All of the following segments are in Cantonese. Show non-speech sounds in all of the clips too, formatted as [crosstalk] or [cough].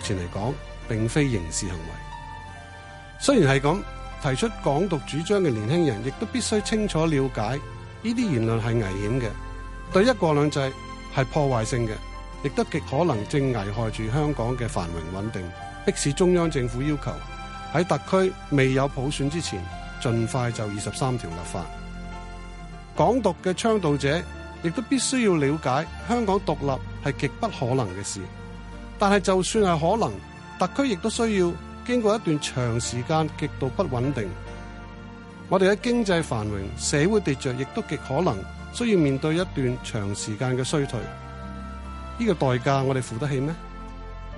目前嚟講，並非刑事行為。雖然係咁，提出港獨主張嘅年輕人，亦都必須清楚了解呢啲言論係危險嘅，對一國兩制係破壞性嘅，亦都極可能正危害住香港嘅繁榮穩定，迫使中央政府要求喺特區未有普選之前，盡快就二十三條立法。港獨嘅倡導者，亦都必須要了解香港獨立係極不可能嘅事。但係，就算係可能，特區亦都需要經過一段長時間極度不穩定。我哋嘅經濟繁榮、社會秩序，亦都極可能需要面對一段長時間嘅衰退。呢個代價，我哋負得起咩？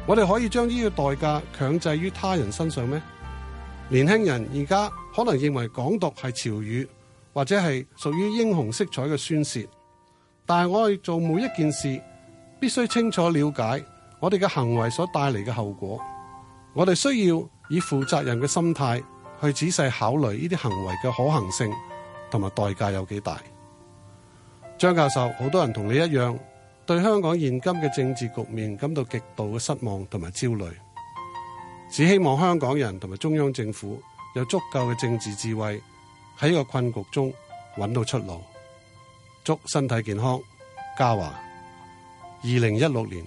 我哋可以將呢個代價強制於他人身上咩？年輕人而家可能認為港獨係潮語，或者係屬於英雄色彩嘅宣洩。但係我哋做每一件事，必須清楚了解。我哋嘅行為所帶嚟嘅後果，我哋需要以負責任嘅心態去仔細考慮呢啲行為嘅可行性，同埋代價有幾大。張教授，好多人同你一樣，對香港現今嘅政治局面感到極度嘅失望同埋焦慮，只希望香港人同埋中央政府有足夠嘅政治智慧喺呢個困局中揾到出路。祝身體健康，嘉華。二零一六年。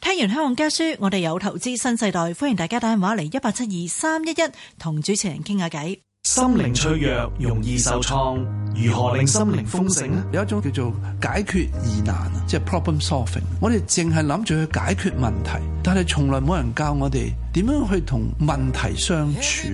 聽完《香港家書》，我哋有投資新世代，歡迎大家打電話嚟，一八七二三一一，同主持人傾下偈。心靈脆弱，容易受創，如何令心靈豐盛呢？有一種叫做解決疑難，即係 problem solving。我哋淨係諗住去解決問題，但係從來冇人教我哋點樣去同問題相處。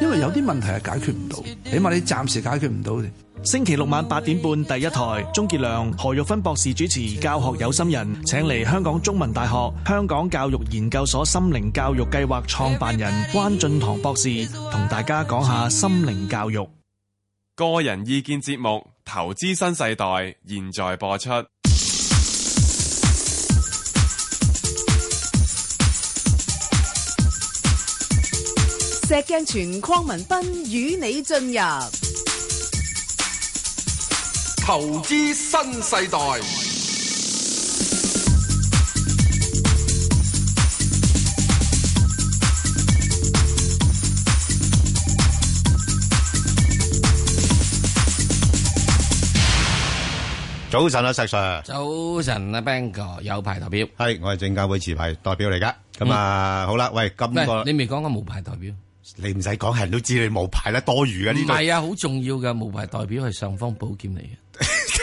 因為有啲問題係解決唔到，起碼你暫時解決唔到。星期六晚八點半，第一台鍾傑良、何玉芬博士主持《教學有心人》，請嚟香港中文大學香港教育研究所心靈教育計劃創辦人關俊棠博士，同大家講下心靈教育。個人意見節目《投資新世代》，現在播出。石鏡泉、鄺民彬與你進入。投資新世代。早晨啊，石 Sir。早晨啊，彬哥，有牌代表。係，我係證監會持牌代表嚟噶。咁啊，好啦，喂，今個你未講過無牌代表？你唔使講，係人都知你冇牌啦，多餘噶呢？唔係啊，好重要噶，無牌代表係尚方寶劍嚟嘅。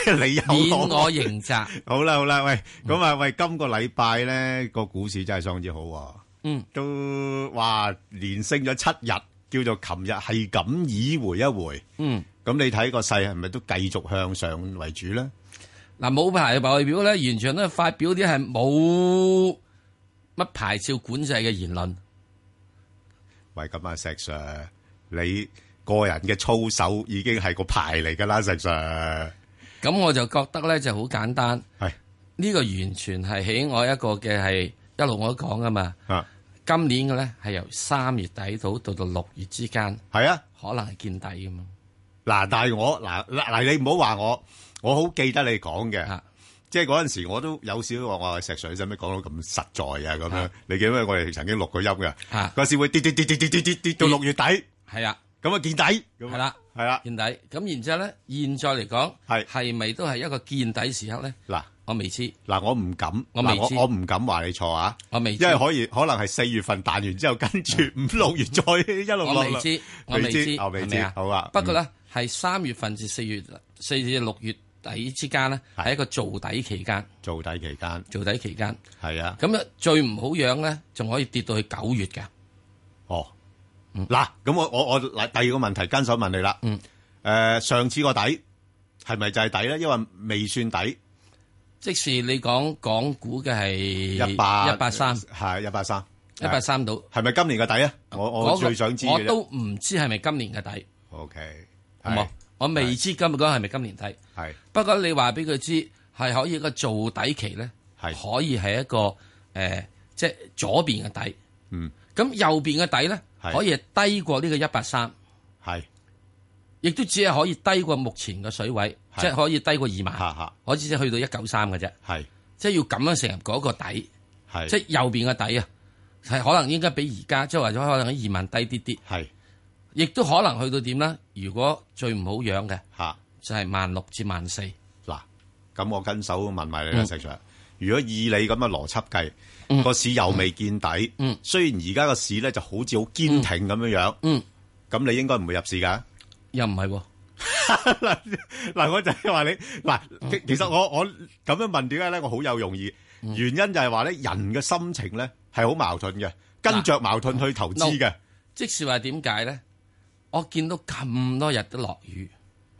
[laughs] 你有那我認責好啦，好啦，喂咁啊、嗯，喂今個禮拜咧個股市真係相當之好，啊，嗯，都話連升咗七日，叫做琴日係咁以回一回，嗯，咁你睇個勢係咪都繼續向上為主咧？嗱，啊，冇牌嘅代表咧，完全都係發表啲係冇乜牌照管制嘅言論，喂咁啊，石 Sir，你個人嘅操守已經係個牌嚟噶啦，石 Sir。咁我就覺得咧就好簡單，呢個完全係喺我一個嘅係一路我都講㗎嘛。今年嘅咧係由三月底到到到六月之間，係啊，可能見底㗎嘛。嗱，但係我嗱嗱你唔好話我，我好記得你講嘅，即係嗰陣時我都有少少話石 Sir 使咩講到咁實在啊咁樣？你記唔記得我哋曾經錄過音嘅？嗰時會跌跌跌跌跌跌跌跌到六月底，係啊。咁啊見底，係啦，係啦，見底。咁然之後咧，現在嚟講係係咪都係一個見底時刻咧？嗱，我未知，嗱，我唔敢，我未知，我唔敢話你錯啊！我未知，因為可以可能係四月份彈完之後，跟住五六月再一路、嗯、 [laughs] 我未知，我未知，未知我未知是是、啊。好啊。不過咧，係、嗯、三月份至四月、四至六月底之間咧，係一個做底期間。做底期間，做底期間，係啊。咁最唔好樣咧，仲可以跌到去九月嘅。哦。嗱、嗯，咁、啊、我我我第第二個問題跟手問你啦。嗯。誒、呃，上次個底係咪就係底咧？因為未算底。即使你講港股嘅係一八一八三，係一八三一八三度，係咪今年嘅底啊？我我最想知我，我都唔知係咪今年嘅底。O、okay, K，好冇？我未知今日嗰個係咪今年底？係。不過你話俾佢知，係可以個做底期咧，係可以係一個誒、呃，即係左邊嘅底。嗯。咁右邊嘅底咧，可以係低過呢個一百三，係，亦都只係可以低過目前嘅水位，即係、就是、可以低過二萬，我只係去到一九三嘅啫，係，即、就、係、是、要咁樣成嗰個底，即係、就是、右邊嘅底啊，係可能應該比而家即係話可能喺二萬低啲啲，係，亦都可能去到點啦？如果最唔好養嘅吓，就係萬六至萬四。嗱，咁我跟手問埋你、嗯、石 Sir，如果以你咁嘅邏輯計？個、嗯、市又未見底，嗯、雖然而家個市咧就好似好堅挺咁樣、嗯、樣，咁、嗯、你應該唔會入市噶、啊？又唔係、啊？嗱嗱，我就係話你嗱，其實我我咁樣問點解咧，我好有容易，原因就係話咧，人嘅心情咧係好矛盾嘅，跟着矛盾去投資嘅，啊 no. 即係話點解咧？我見到咁多日都落雨，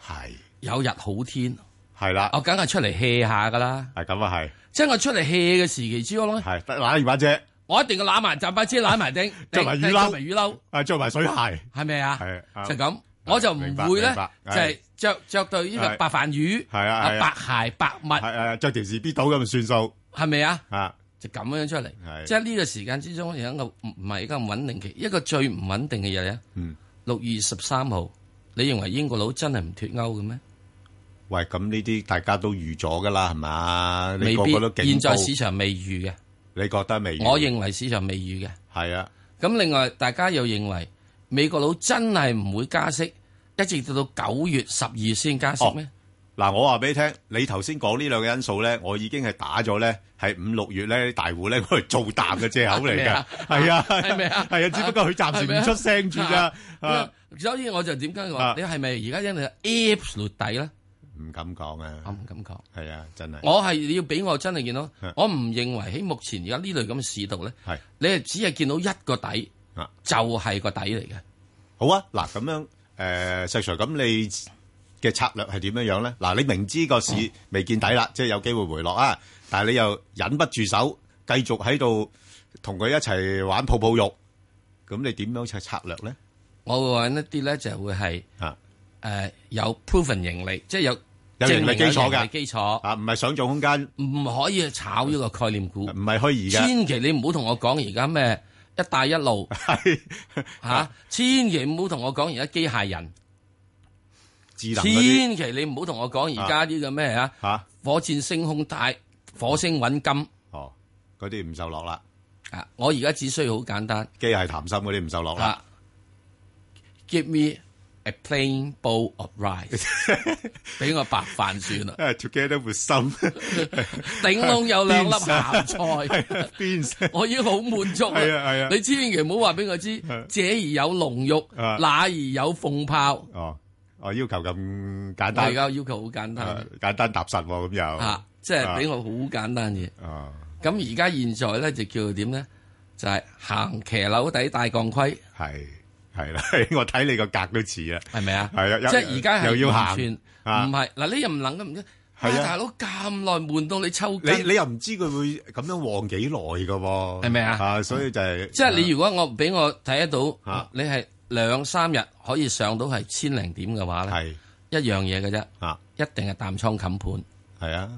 係有日好天。係啦，我梗係出嚟 hea 下噶啦。係咁啊，係，即係我出嚟 hea 嘅時期之中咧，係揦雨把遮，我一定要揦埋扎把遮，揦埋頂，着埋雨褸，着埋雨褸，啊，着埋水鞋，係咪啊？係就咁，我就唔會咧，就係着着對呢個白飯魚，係啊，白鞋白襪，係啊，着條士必倒咁咪算數，係咪啊？啊，就咁樣出嚟，即係呢個時間之中，又一個唔唔係而家咁穩定期，一個最唔穩定嘅日啊，六月十三號，你認為英國佬真係唔脫歐嘅咩？喂，咁呢啲大家都預咗噶啦，係嘛？你個個都警告。現在市場未預嘅。你覺得未預？我認為市場未預嘅。係啊。咁另外，大家又認為美國佬真係唔會加息，一直到到九月、十二月先加息咩？嗱、哦啊，我話俾你聽，你頭先講呢兩個因素咧，我已經係打咗咧，係五六月咧，大戶咧去做淡嘅借口嚟㗎，係 [laughs] 啊，係啊，啊，啊，啊，啊，啊，只不過佢暫時唔出聲住㗎。所以我就點解話你係咪而家因為 apps 落底咧？唔敢講啊！唔敢講，係啊，真係我係要俾我真係見到，我唔認為喺目前而家呢類咁嘅市道咧，係你係只係見到一個底，啊，就係、是、個底嚟嘅。好啊，嗱咁樣誒，細 Sir 咁你嘅策略係點樣樣咧？嗱，你明知個市、哦、未見底啦，即係有機會回落啊，但係你又忍不住手，繼續喺度同佢一齊玩泡泡肉，咁你點樣嘅策略咧？我會玩一啲咧，就會係啊、呃、有 proven 盈利，即係有。正係基礎基礎啊，唔係想做空間，唔可以炒呢個概念股，唔、嗯、係虛，而家千祈你唔好同我講而家咩一帶一路，係、 [laughs] 啊、千祈唔好同我講而家機械人、智能。千祈你唔好同我講而家呢個咩啊，啊火箭升空、大，火星揾金，哦，嗰啲唔受落啦。啊，我而家只需要好簡單，機械談心嗰啲唔受落啦。啊 Give me A、plain bowl of rice，俾 [laughs] 我白飯算啦。 [laughs] Together with some，頂 [laughs] 籠 [laughs] 有兩粒鹹菜， [laughs] [laughs] [laughs] [laughs] [laughs] [laughs] [laughs] 我已經好滿足了。係啊，係啊，你千祈唔好話俾我知， [laughs] [laughs] 這兒有龍肉，那兒、啊、有鳳泡。哦，我要求咁簡單，大家要求好簡單、啊，簡單踏實咁、啊、又。吓、啊啊，即係俾我好簡單嘅。哦、啊，咁而家現在咧就叫做點咧？就係、是、行騎樓底戴鋼盔。係。係 [laughs] 啦，我睇你個格都似啊，係咪啊？係啊，即係而家又要下行，唔係嗱，你又唔諗都唔知，阿、啊啊、大佬咁耐瞞到你抽筋，你你又唔知佢會咁樣旺幾耐噶？係咪啊，啊？所以就係、是嗯啊，即係你如果我俾我睇得到，啊、你係兩三日可以上到係千零點嘅話咧，係、啊、一樣嘢嘅啫，啊，一定係淡倉冚盤，係啊，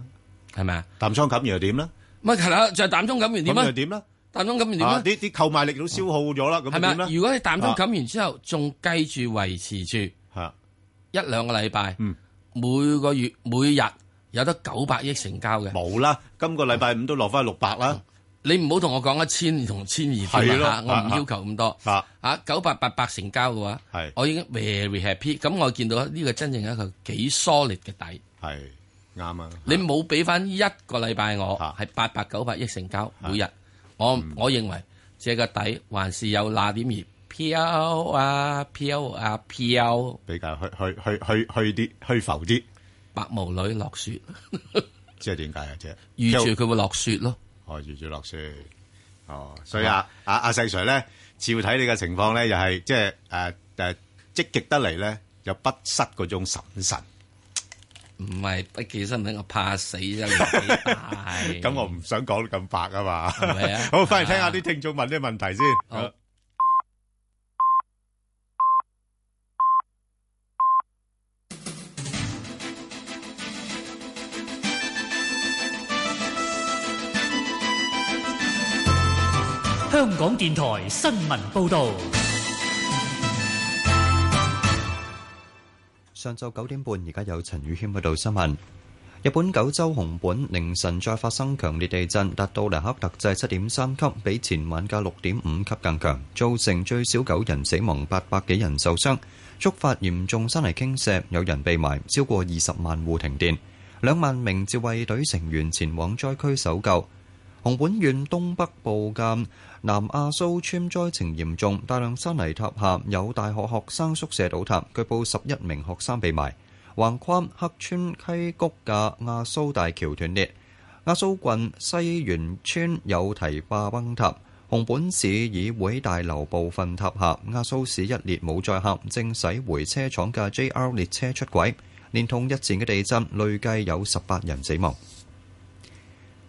係咪啊？是是淡倉冚完又點咧？唔係，就係、是、淡倉冚完點啊？點咧？但中咁點樣啲啲購買力都消耗咗啦，咁係咪如果你啖中冚完之後，仲繼續維持住、啊，一兩個禮拜、嗯，每個月每日有得九百億成交嘅，冇、嗯、啦。今個禮拜五都落翻六百啦。你唔好同我講一千同千二百、啊，我唔要求咁多。吓九百八百成交嘅話，我已經 very happy。咁我見到呢個真正一個幾 solid 嘅底，係啱啊！你冇俾翻一個禮拜，我係八百九百億成交，每日。啊啊我、嗯、我認為借個底還是有那點熱飄啊飄啊飄、啊啊啊，比較虛虛虛虛去啲虛浮啲。白毛女落雪， [laughs] 即係點解啊？即係預住佢會落雪咯。哦，預住落雪哦，所以啊，阿阿石 Sir 咧，照睇你嘅情況咧，又係即係誒誒積極得嚟咧，又不失嗰種審慎，神。唔係，不記身份我怕死啫，咁我唔想講得咁白啊嘛。好，翻嚟聽下啲聽眾問啲問題先。香港電台新聞報道。上晝九點半，而家有陳宇謙喺度新聞。日本九州熊本凌晨再發生強烈地震，達到黎克特制七點三級，比前晚嘅六點五級更強，造成最少九人死亡、八百幾人受傷，觸發嚴重山泥傾瀉，有人被埋，超過二十萬戶停電，兩萬名自衛隊成員前往災區搜救。熊本縣東北部嘅南阿蘇村災情嚴重，大量山泥塌下，有大學學生宿舍倒塌，據報十一名學生被埋。橫跨黑川溪谷嘅阿蘇大橋斷裂，阿蘇郡西原村有堤壩崩塌，熊本市議會大樓部分塌下，阿蘇市一列冇載客正駛回車廠嘅 JR 列車出軌，連同日前嘅地震，累計有十八人死亡。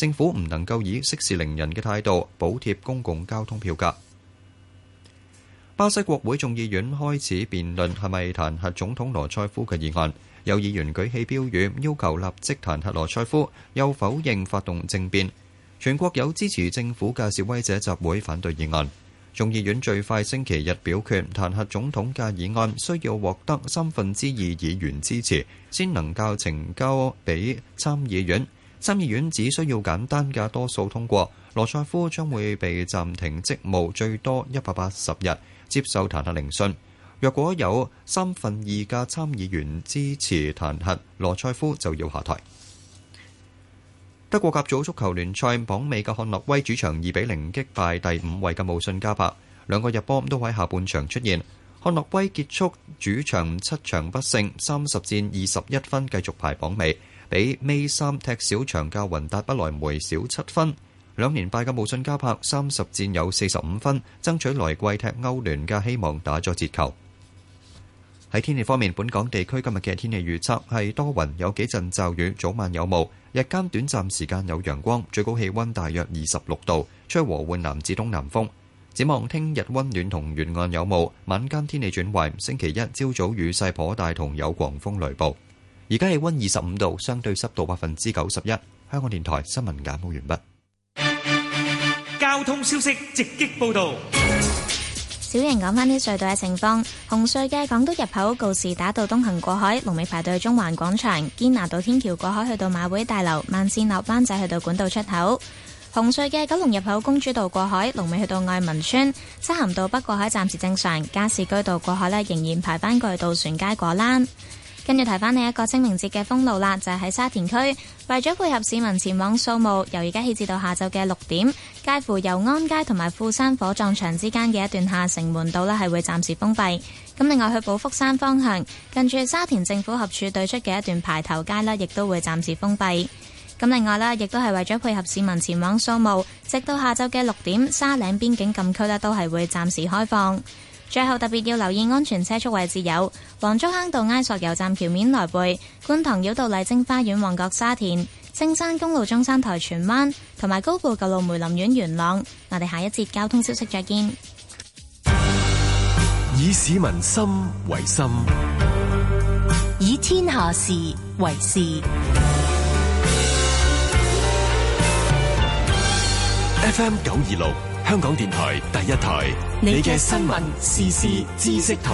政府唔能夠以息事寧人嘅態度補貼公共交通票價。巴西國會眾議院開始辯論係咪彈劾總統羅塞夫嘅議案，有議員舉起標語要求立即彈劾羅塞夫，又否認發動政變。全國有支持政府嘅示威者集會反對議案。眾議院最快星期日表決彈劾總統嘅議案，需要獲得三分之二議員支持先能夠呈交俾參議院。參議院只需要簡單嘅多數通過，羅塞夫將會被暫停職務最多一百八十日，接受彈劾聆訊。若果有三分二嘅參議員支持彈劾，羅塞夫就要下台。德國甲組足球聯賽榜尾嘅漢諾威主場二比零擊敗第五位嘅慕遜加柏，兩個入波都喺下半場出現。漢諾威結束主場七場不勝，三十戰二十一分，繼續排榜尾。比尾三踢小場，教雲達不來梅少七分。兩連敗嘅慕遜加柏，三十戰有四十五分，爭取來季踢歐聯嘅希望打咗折扣。喺天氣方面，本港地區今日嘅天氣預測係多雲，有幾陣驟雨，早晚有霧，日間短暫時間有陽光，最高氣温大約二十六度，吹和緩南至東南風。展望聽日温暖同沿岸有霧，晚間天氣轉壞，星期一朝早雨勢頗大同有狂風雷暴。而家氣溫二十五度，相對濕度百分之九十一。香港電台新聞簡報完畢。交通消息直擊報道。小瑩講翻啲隧道嘅情況。紅隧嘅港島入口告士打道東行過海，龍尾排隊去中環廣場；堅拿道天橋過海去到馬會大樓；慢線落班仔去到管道出口。紅隧嘅九龍入口公主道過海，龍尾去到愛民村；漆咸道北過海暫時正常；加士居道過海呢，仍然排班過去渡船街果欄。跟住提翻呢一個清明節嘅封路啦，就係喺沙田區，為咗配合市民前往掃墓，由而家起至到下晝嘅六點，介乎由安街同埋富山火葬場之間嘅一段下城門道呢係會暫時封閉。咁另外去寶福山方向，近住沙田政府合署對出嘅一段排頭街呢亦都會暫時封閉。咁另外啦，亦都係為咗配合市民前往掃墓，直到下晝嘅六點，沙嶺邊境禁區呢都係會暫時開放。最後特別要留意安全車速位置有黃竹坑道埃索油站橋面來回、觀塘繞道麗晶花園、旺角沙田、青山公路中山台、荃灣同埋高埔舊路梅林苑、元朗。那我哋下一節交通消息再見。以市民心為心，以天下事為事。F M 九二六。 [music] [music] FM926 香港電台第一台，你嘅新聞時事知識台，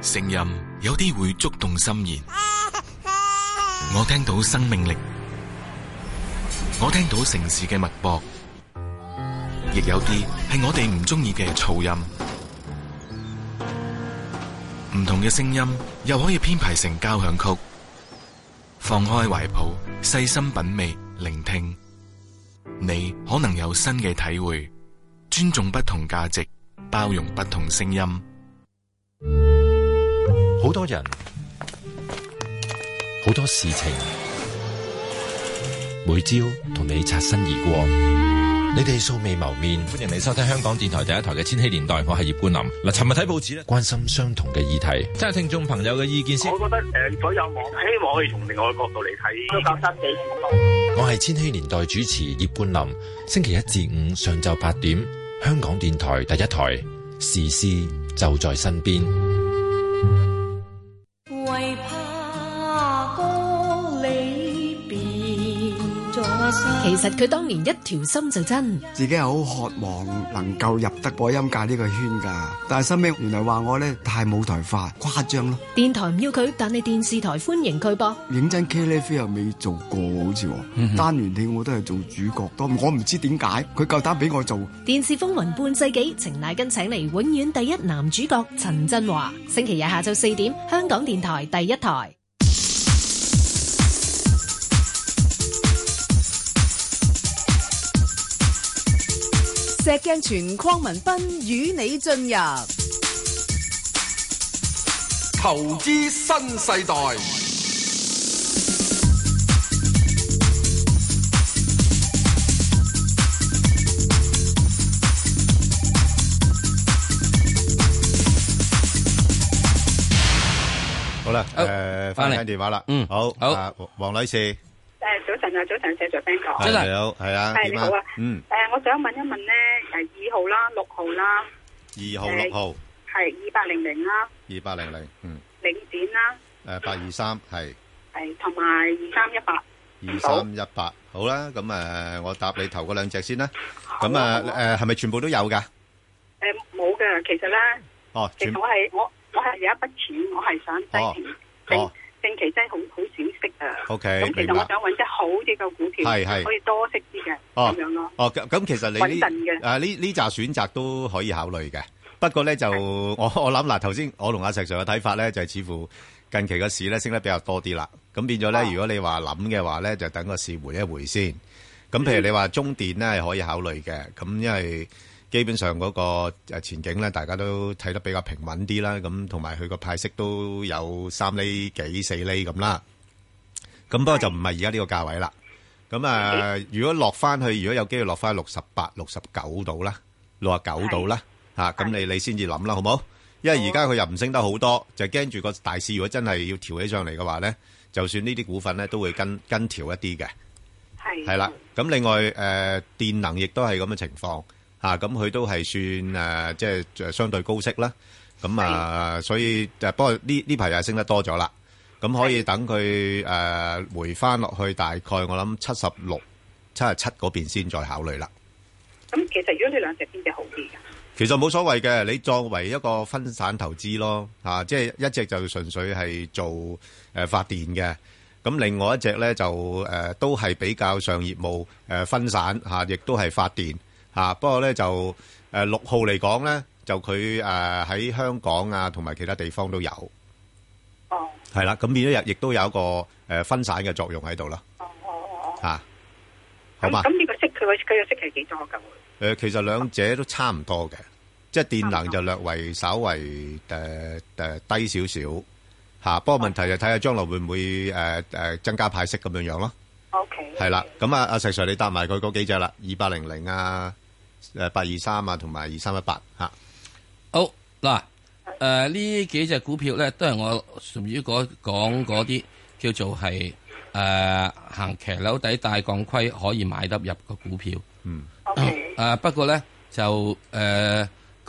聲音有啲會觸動心弦。我聽到生命力，我聽到城市嘅脈搏，亦有啲係我哋唔鍾意嘅噪音。唔同嘅聲音又可以編排成交響曲，放開懷抱，細心品味，聆聽，你可能有新嘅體會。尊重不同價值，包容不同聲音。好多人，好多事情，每朝同你擦身而過。你哋素未謀面，歡迎你收聽香港電台第一台嘅千禧年代，我係葉冠林。嗱，尋日睇報紙咧，關心相同嘅議題，聽下聽眾朋友嘅意見先。我覺得誒、呃，所有望希望可以從另外嘅角度嚟睇。我係千禧年代主持葉冠林，星期一至五上晝八點，香港電台第一台，時事就在身邊。其實佢當年一條心就真，自己係好渴望能夠入得播音界呢個圈噶，但係身邊原來話我咧太舞台化誇張咯。電台唔要佢，但係電視台歡迎佢噃。認真 KTV 又未做過，好似單元戲我都係做主角多，我唔知點解佢夠膽俾我做。電視風雲半世紀，程乃根請嚟永遠第一男主角陳振華，星期日下晝四點，香港電台第一台。石鏡泉鄺民彬，與你進入投資新世代。好啦，誒，翻嚟聽電話啦。嗯，好，好，啊、黃女士。誒，早晨啊，早晨，謝卓 Ben 哥。早晨，你好，係啊。係你好啊。嗯。誒，我想問一問咧，誒，二號啦，六號啦。二號六號係二八零零啦。二八零零，嗯。領展啦。誒，八二三係。係同埋二三一八。二三一八，好啦，咁誒，我答你頭嗰兩隻先啦。咁啊，誒，係咪、啊、全部都有噶？誒、啊，冇噶，其實咧。哦，其實我係我我係有一筆錢，我係想低點定。哦近期真係好好少息啊，咁其實我想揾隻好啲嘅股票，係係可以多息啲嘅咁樣咯。哦，咁咁其實你穩陣嘅誒呢呢紮選擇都可以考慮嘅。不過咧就我我諗嗱，頭先我同阿石 Sir 嘅睇法咧就係似乎近期個市咧升得比較多啲啦。咁變咗咧，如果你話諗嘅話咧，就等個市回一回先。咁譬如你話中電咧係可以考慮嘅，咁因為。基本上嗰個誒前景咧，大家都睇得比較平穩啲啦。咁同埋佢個派息都有三厘幾、四厘咁啦。咁不過就唔係而家呢個價位啦。咁啊，如果落翻去，如果有機會落翻去六十八、六十九度啦，六啊九度啦，吓咁你你先至諗啦，好冇？因為而家佢又唔升得好多，就驚住個大市如果真係要調起上嚟嘅話咧，就算呢啲股份咧都會跟跟調一啲嘅係係啦。咁另外誒、呃，電能亦都係咁嘅情況。啊，咁佢都係算誒，即、啊、係、就是、相對高息啦。咁啊，所以誒、啊，不過呢呢排又升得多咗啦。咁可以等佢誒、啊、回翻落去，大概我諗七十六、七十七嗰邊先再考慮啦。咁其實如果你兩隻邊隻好啲嘅，其實冇所謂嘅。你作為一個分散投資咯，吓、啊，即、就、係、是、一隻就純粹係做誒、呃、發電嘅，咁另外一隻咧就誒、呃、都係比較上業務誒、呃、分散吓，亦都係發電。啊！不過咧就誒六號嚟講咧，就佢誒喺香港啊，同埋其他地方都有。哦、oh.，係啦，咁變咗日亦都有一個、呃、分散嘅作用喺度啦。哦、oh. oh. oh. oh. 啊、好嘛？咁呢個息佢佢嘅息係幾多、呃、其實兩者都差唔多嘅，oh. 即係電能就略為稍微誒、uh, uh、低少少嚇。不過問題就睇下將來會唔會誒、uh, uh、增加派息咁樣樣咯。O、okay. K、okay.。係啦，咁啊，阿石 Sir，你答埋佢嗰幾隻啦，二百零零啊。誒，八二三啊，同埋二三一八吓，好嗱，誒、呃、呢幾隻股票咧，都係我從於講講嗰啲叫做係誒、呃、行騎樓底戴鋼盔可以買得入個股票，嗯誒、okay. 呃、不過咧就誒個、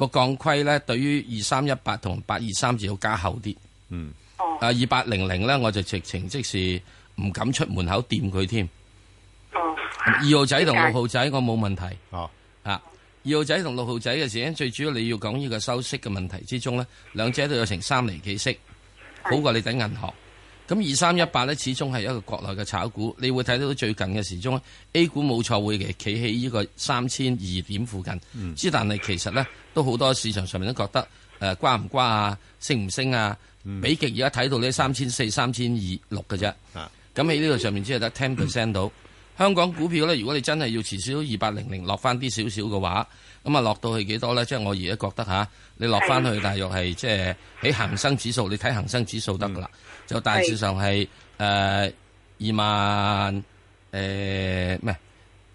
呃、鋼盔咧，對於二三一八同八二三字要加厚啲，嗯，啊二八零零咧，我就直情即是唔敢出門口掂佢添，哦、嗯，二號仔同六號仔我冇問題，哦。二號仔同六號仔嘅時，最主要你要講呢個收息嘅問題之中咧，兩者都有成三厘幾息，好過你揀銀行。咁二三一八咧，始終係一個國內嘅炒股，你會睇到最近嘅時鐘，A 股冇錯會企喺呢個三千二點附近。之、嗯、但係其實咧，都好多市場上面都覺得呃，瓜唔瓜啊，升唔升啊？嗯、比極 3, 4, 3, 2, 而家睇到呢三千四、三千二、六嘅啫。咁喺呢度上面只，只係得 ten percent 到。嗯香港股票咧，如果你真係要持少二八零零落翻啲少少嘅話，咁啊落到去幾多咧？即係我而家覺得吓，你落翻去大約係即係喺恒生指數，你睇恒生指數得噶啦。就大致上係誒二萬誒咩？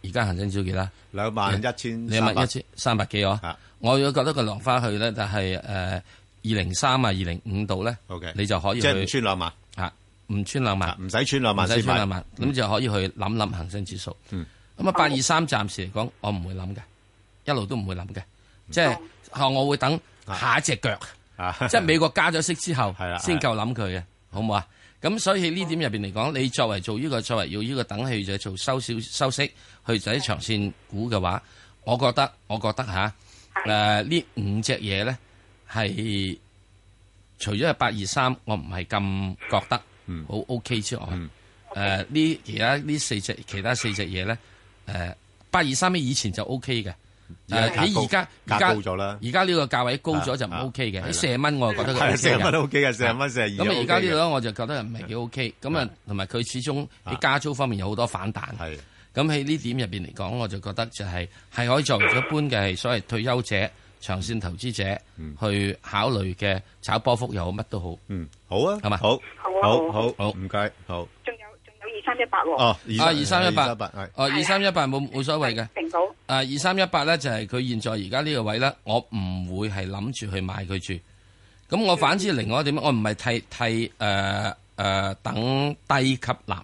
而家恒生指幾多？兩萬一千三百幾？喎。一千三百幾我如果覺得佢落翻去咧，就係誒二零三啊，二零五度咧。Okay. 你就可以即係唔算兩萬。唔穿兩萬，唔、啊、使穿兩萬，唔使穿兩萬，咁就可以去諗諗恒生指數。咁、嗯、啊，八二三暫時嚟講，我唔會諗嘅，一路都唔會諗嘅，即係我我會等下一隻腳，即、啊、係、啊就是、美國加咗息之後，先夠諗佢嘅，好唔好啊？咁所以呢點入邊嚟講，你作為做呢、這個作為要呢個等佢就做收少收息，去睇長線股嘅話，我覺得我覺得吓誒、啊呃、呢五隻嘢咧係除咗係八二三，我唔係咁覺得。嗯、好 O、OK、K 之外，誒、嗯、呢、呃、其他呢四隻其他四隻嘢咧，誒八二三一以前就 O K 嘅，喺而家而家高咗啦，而家呢個價位高咗就唔 O K 嘅，喺四蚊我就覺得係四蚊都 O K 嘅，四蚊四二。咁而家呢度咧我就覺得唔係幾 O K，咁啊，同埋佢始終喺加租方面有好多反彈，咁喺呢點入邊嚟講，我就覺得就係、是、係可以作為一般嘅，係所謂退休者。長線投資者去考慮嘅炒波幅又好乜都好，嗯，好啊，係咪？好，好，好，好，唔該，好，仲有仲有二三一八喎，哦，二三一八，二三一八哦，二三一八冇冇所謂嘅，定到，二三一八咧就係佢現在而家呢個位咧，我唔會係諗住去買佢住，咁我反之另外一點，我唔係替替誒誒、呃啊、等低吸納，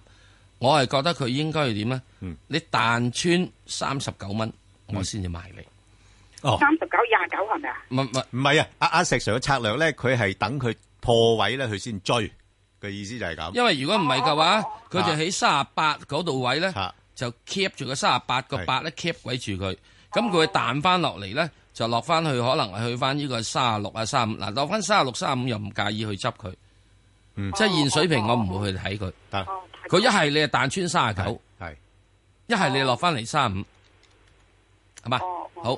我係覺得佢應該係點咧？你彈穿三十九蚊，我先至買你。嗯三十九、廿九係咪啊？唔唔唔係啊！阿阿石 Sir 嘅策略咧，佢係等佢破位咧，佢先追嘅意思就係咁。因為如果唔係嘅話，佢、哦、就喺三十八嗰度位咧、啊，就 keep 住個三十八個八咧 keep 位住佢。咁佢彈翻落嚟咧，就落翻去可能去翻呢個三十六啊三五。嗱，落翻三十六三五又唔介意去執佢。即、嗯、係、哦就是、現水平我唔會去睇佢。佢一係你係彈穿三十九，係一係你落翻嚟三五，係嘛？好。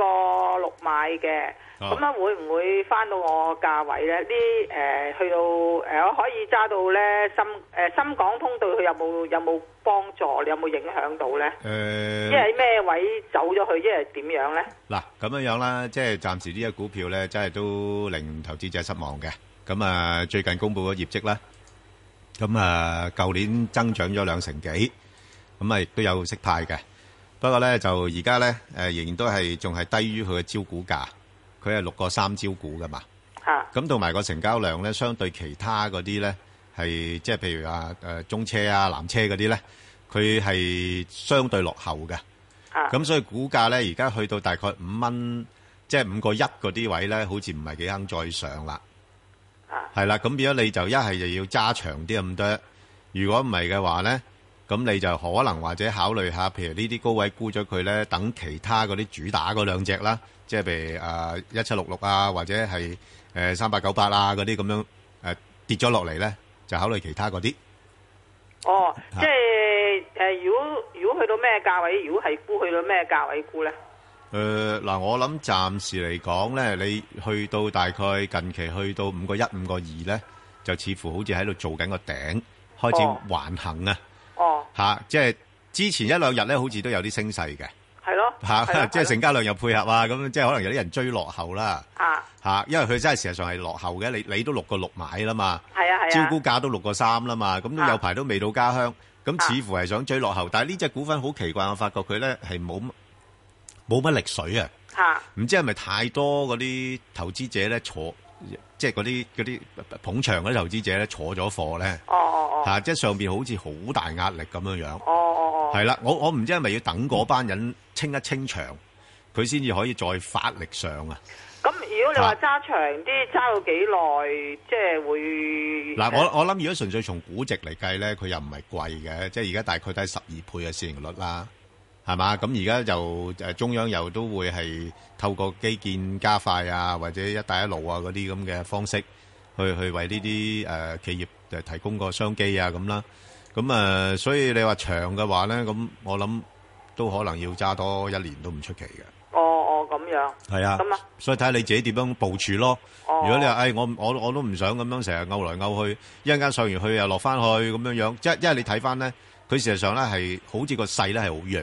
個六買嘅，咁樣會唔會翻到我價位咧？啲誒去到誒，我可以揸到咧？深誒深港通對佢有冇有冇幫助？你有冇影響到咧？誒，即係咩位走咗去？即係點樣咧？嗱，咁樣樣啦，即係暫時呢隻股票咧，真係都令投資者失望嘅。咁啊，最近公佈咗業績啦，咁啊，舊年增長咗兩成幾，咁啊亦都有息派嘅。不過咧就而家咧，誒、呃、仍然都係仲係低於佢嘅招股價，佢係六個三招股噶嘛。咁同埋個成交量咧，相對其他嗰啲咧，係即係譬如啊，誒、呃、中車啊、南車嗰啲咧，佢係相對落後嘅。咁、啊、所以股價咧，而家去到大概五蚊，即係五個一嗰啲位咧，好似唔係幾肯再上、啊、啦。係係啦，咁變咗你就要要一係就要揸長啲咁多，如果唔係嘅話咧。咁你就可能或者考慮下，譬如呢啲高位沽咗佢咧，等其他嗰啲主打嗰兩隻啦，即係譬如誒一七六六啊，或者係誒三八九八啊嗰啲咁樣誒跌咗落嚟咧，就考慮其他嗰啲。哦，即係誒，如果如果去到咩價位，如果係沽去到咩價位沽咧？誒嗱，我諗暫時嚟講咧，你去到大概近期去到五個一、五個二咧，就似乎好似喺度做緊個頂，開始橫行啊。哦，啊、即係之前一兩日咧，好似都有啲聲勢嘅，係咯，即係成交量又配合啊，咁即係可能有啲人追落後啦、啊啊，因為佢真係事實上係落後嘅，你你都六個六買啦嘛，係啊啊，招股價都六個三啦嘛，咁都有排都未到家鄉，咁似乎係想追落後，啊、但係呢隻股份好奇怪，我發覺佢咧係冇冇乜力水啊，唔知係咪太多嗰啲投資者咧坐？即係嗰啲啲捧場嗰啲投資者咧，坐咗貨咧，嚇，即係上邊好似好大壓力咁樣樣，oh, oh, oh, 係啦，我我唔知係咪要等嗰班人清一清場，佢先至可以再發力上啊。咁如果你話揸長啲，揸到幾耐？即係會嗱，我我諗如果純粹從估值嚟計咧，佢又唔係貴嘅，即係而家大概都係十二倍嘅市盈率啦。係嘛，咁而家就誒中央又都會係透過基建加快啊，或者一帶一路啊嗰啲咁嘅方式去去為呢啲誒企業誒提供個商機啊咁啦。咁啊，所以你話長嘅話咧，咁我諗都可能要揸多一年都唔出奇嘅。哦哦，咁樣係啊，咁啊，所以睇下你自己點樣部署咯。如果你話誒、哎，我我我都唔想咁樣成日勾來勾去，一陣間上完去又落翻去咁樣樣，即係因為你睇翻咧，佢事實上咧係好似個勢咧係好弱。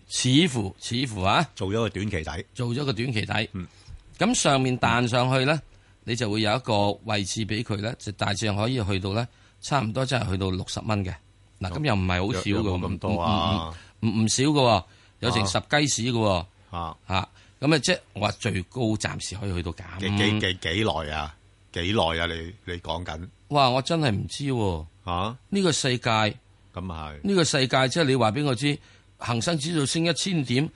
似乎似乎啊，做咗個短期底，做咗個短期底。嗯，咁上面彈上去咧，你就會有一個位置俾佢咧，就大致上可以去到咧，差唔多真係去到六十蚊嘅。嗱、嗯，咁又唔係好少嘅，咁多啊，唔唔少嘅，有成十雞屎嘅。啊啊，咁啊，即係我話最高暫時可以去到減。幾幾幾耐啊？幾耐啊？你你講緊？哇！我真係唔知。吓？呢個世界咁啊係。呢個世界即係你話俾我知。恒生指數升一千點，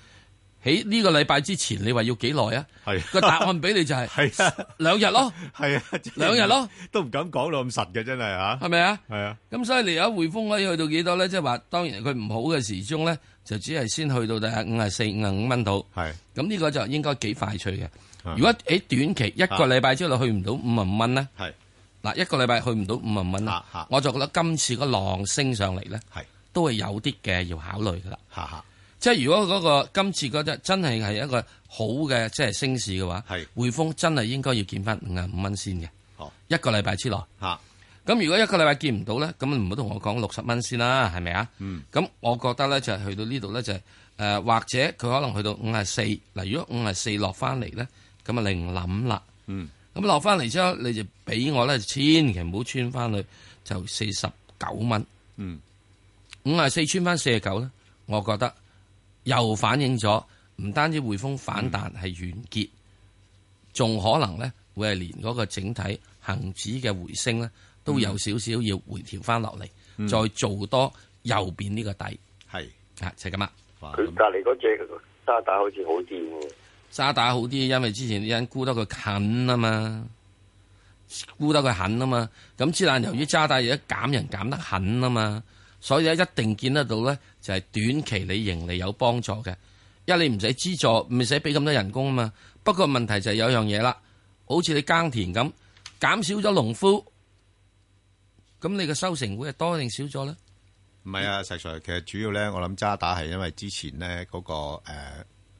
喺呢個禮拜之前你，你話要幾耐啊？係個答案俾你就係兩日咯。係啊，兩日咯，啊就是，咯，都唔敢講到咁實嘅，真係啊，係咪啊？係啊。咁所以你而家，匯豐可以去到幾多咧？即係話，當然佢唔好嘅時鐘咧，就只係先去到第五廿四、五廿五蚊度。係咁呢個就應該幾快脆嘅。如果喺短期一個禮拜之內去唔到五廿五蚊咧，係嗱、啊、一個禮拜去唔到五廿五蚊咧，我就覺得今次個浪升上嚟咧，係、啊。都係有啲嘅要考慮噶啦，即係如果嗰、那個今次嗰隻真係係一個好嘅，即係升市嘅話，匯豐真係應該要見翻五啊五蚊先嘅、哦。一個禮拜之內，咁如果一個禮拜見唔到咧，咁你唔好同我講六十蚊先啦，係咪啊？咁、嗯、我覺得咧就係、是、去到這裏呢度咧就係、是、誒、呃，或者佢可能去到五啊四。嗱，如果五啊四落翻嚟咧，咁啊另諗啦。咁落翻嚟之後，你就俾我咧，千祈唔好穿翻去就四十九蚊。嗯五啊四穿翻四十九咧，我覺得又反映咗唔單止匯豐反彈係完、嗯、結，仲可能咧會係連嗰個整體恒指嘅回升咧、嗯、都有少少要回調翻落嚟，再做多右邊呢個底，係啊，就係咁啦。佢隔離嗰隻渣打好似好掂，渣打好啲，因為之前啲人沽得佢近啊嘛，沽得佢近啊嘛，咁之但由於渣打而家減人減得狠啊嘛。所以咧一定見得到咧，就係短期你盈利有幫助嘅，因為你唔使資助，唔使俾咁多人工啊嘛。不過問題就係有樣嘢啦，好似你耕田咁，減少咗農夫，咁你嘅收成會係多定少咗咧？唔係啊，石 Sir 其實主要咧，我諗渣打係因為之前咧嗰個誒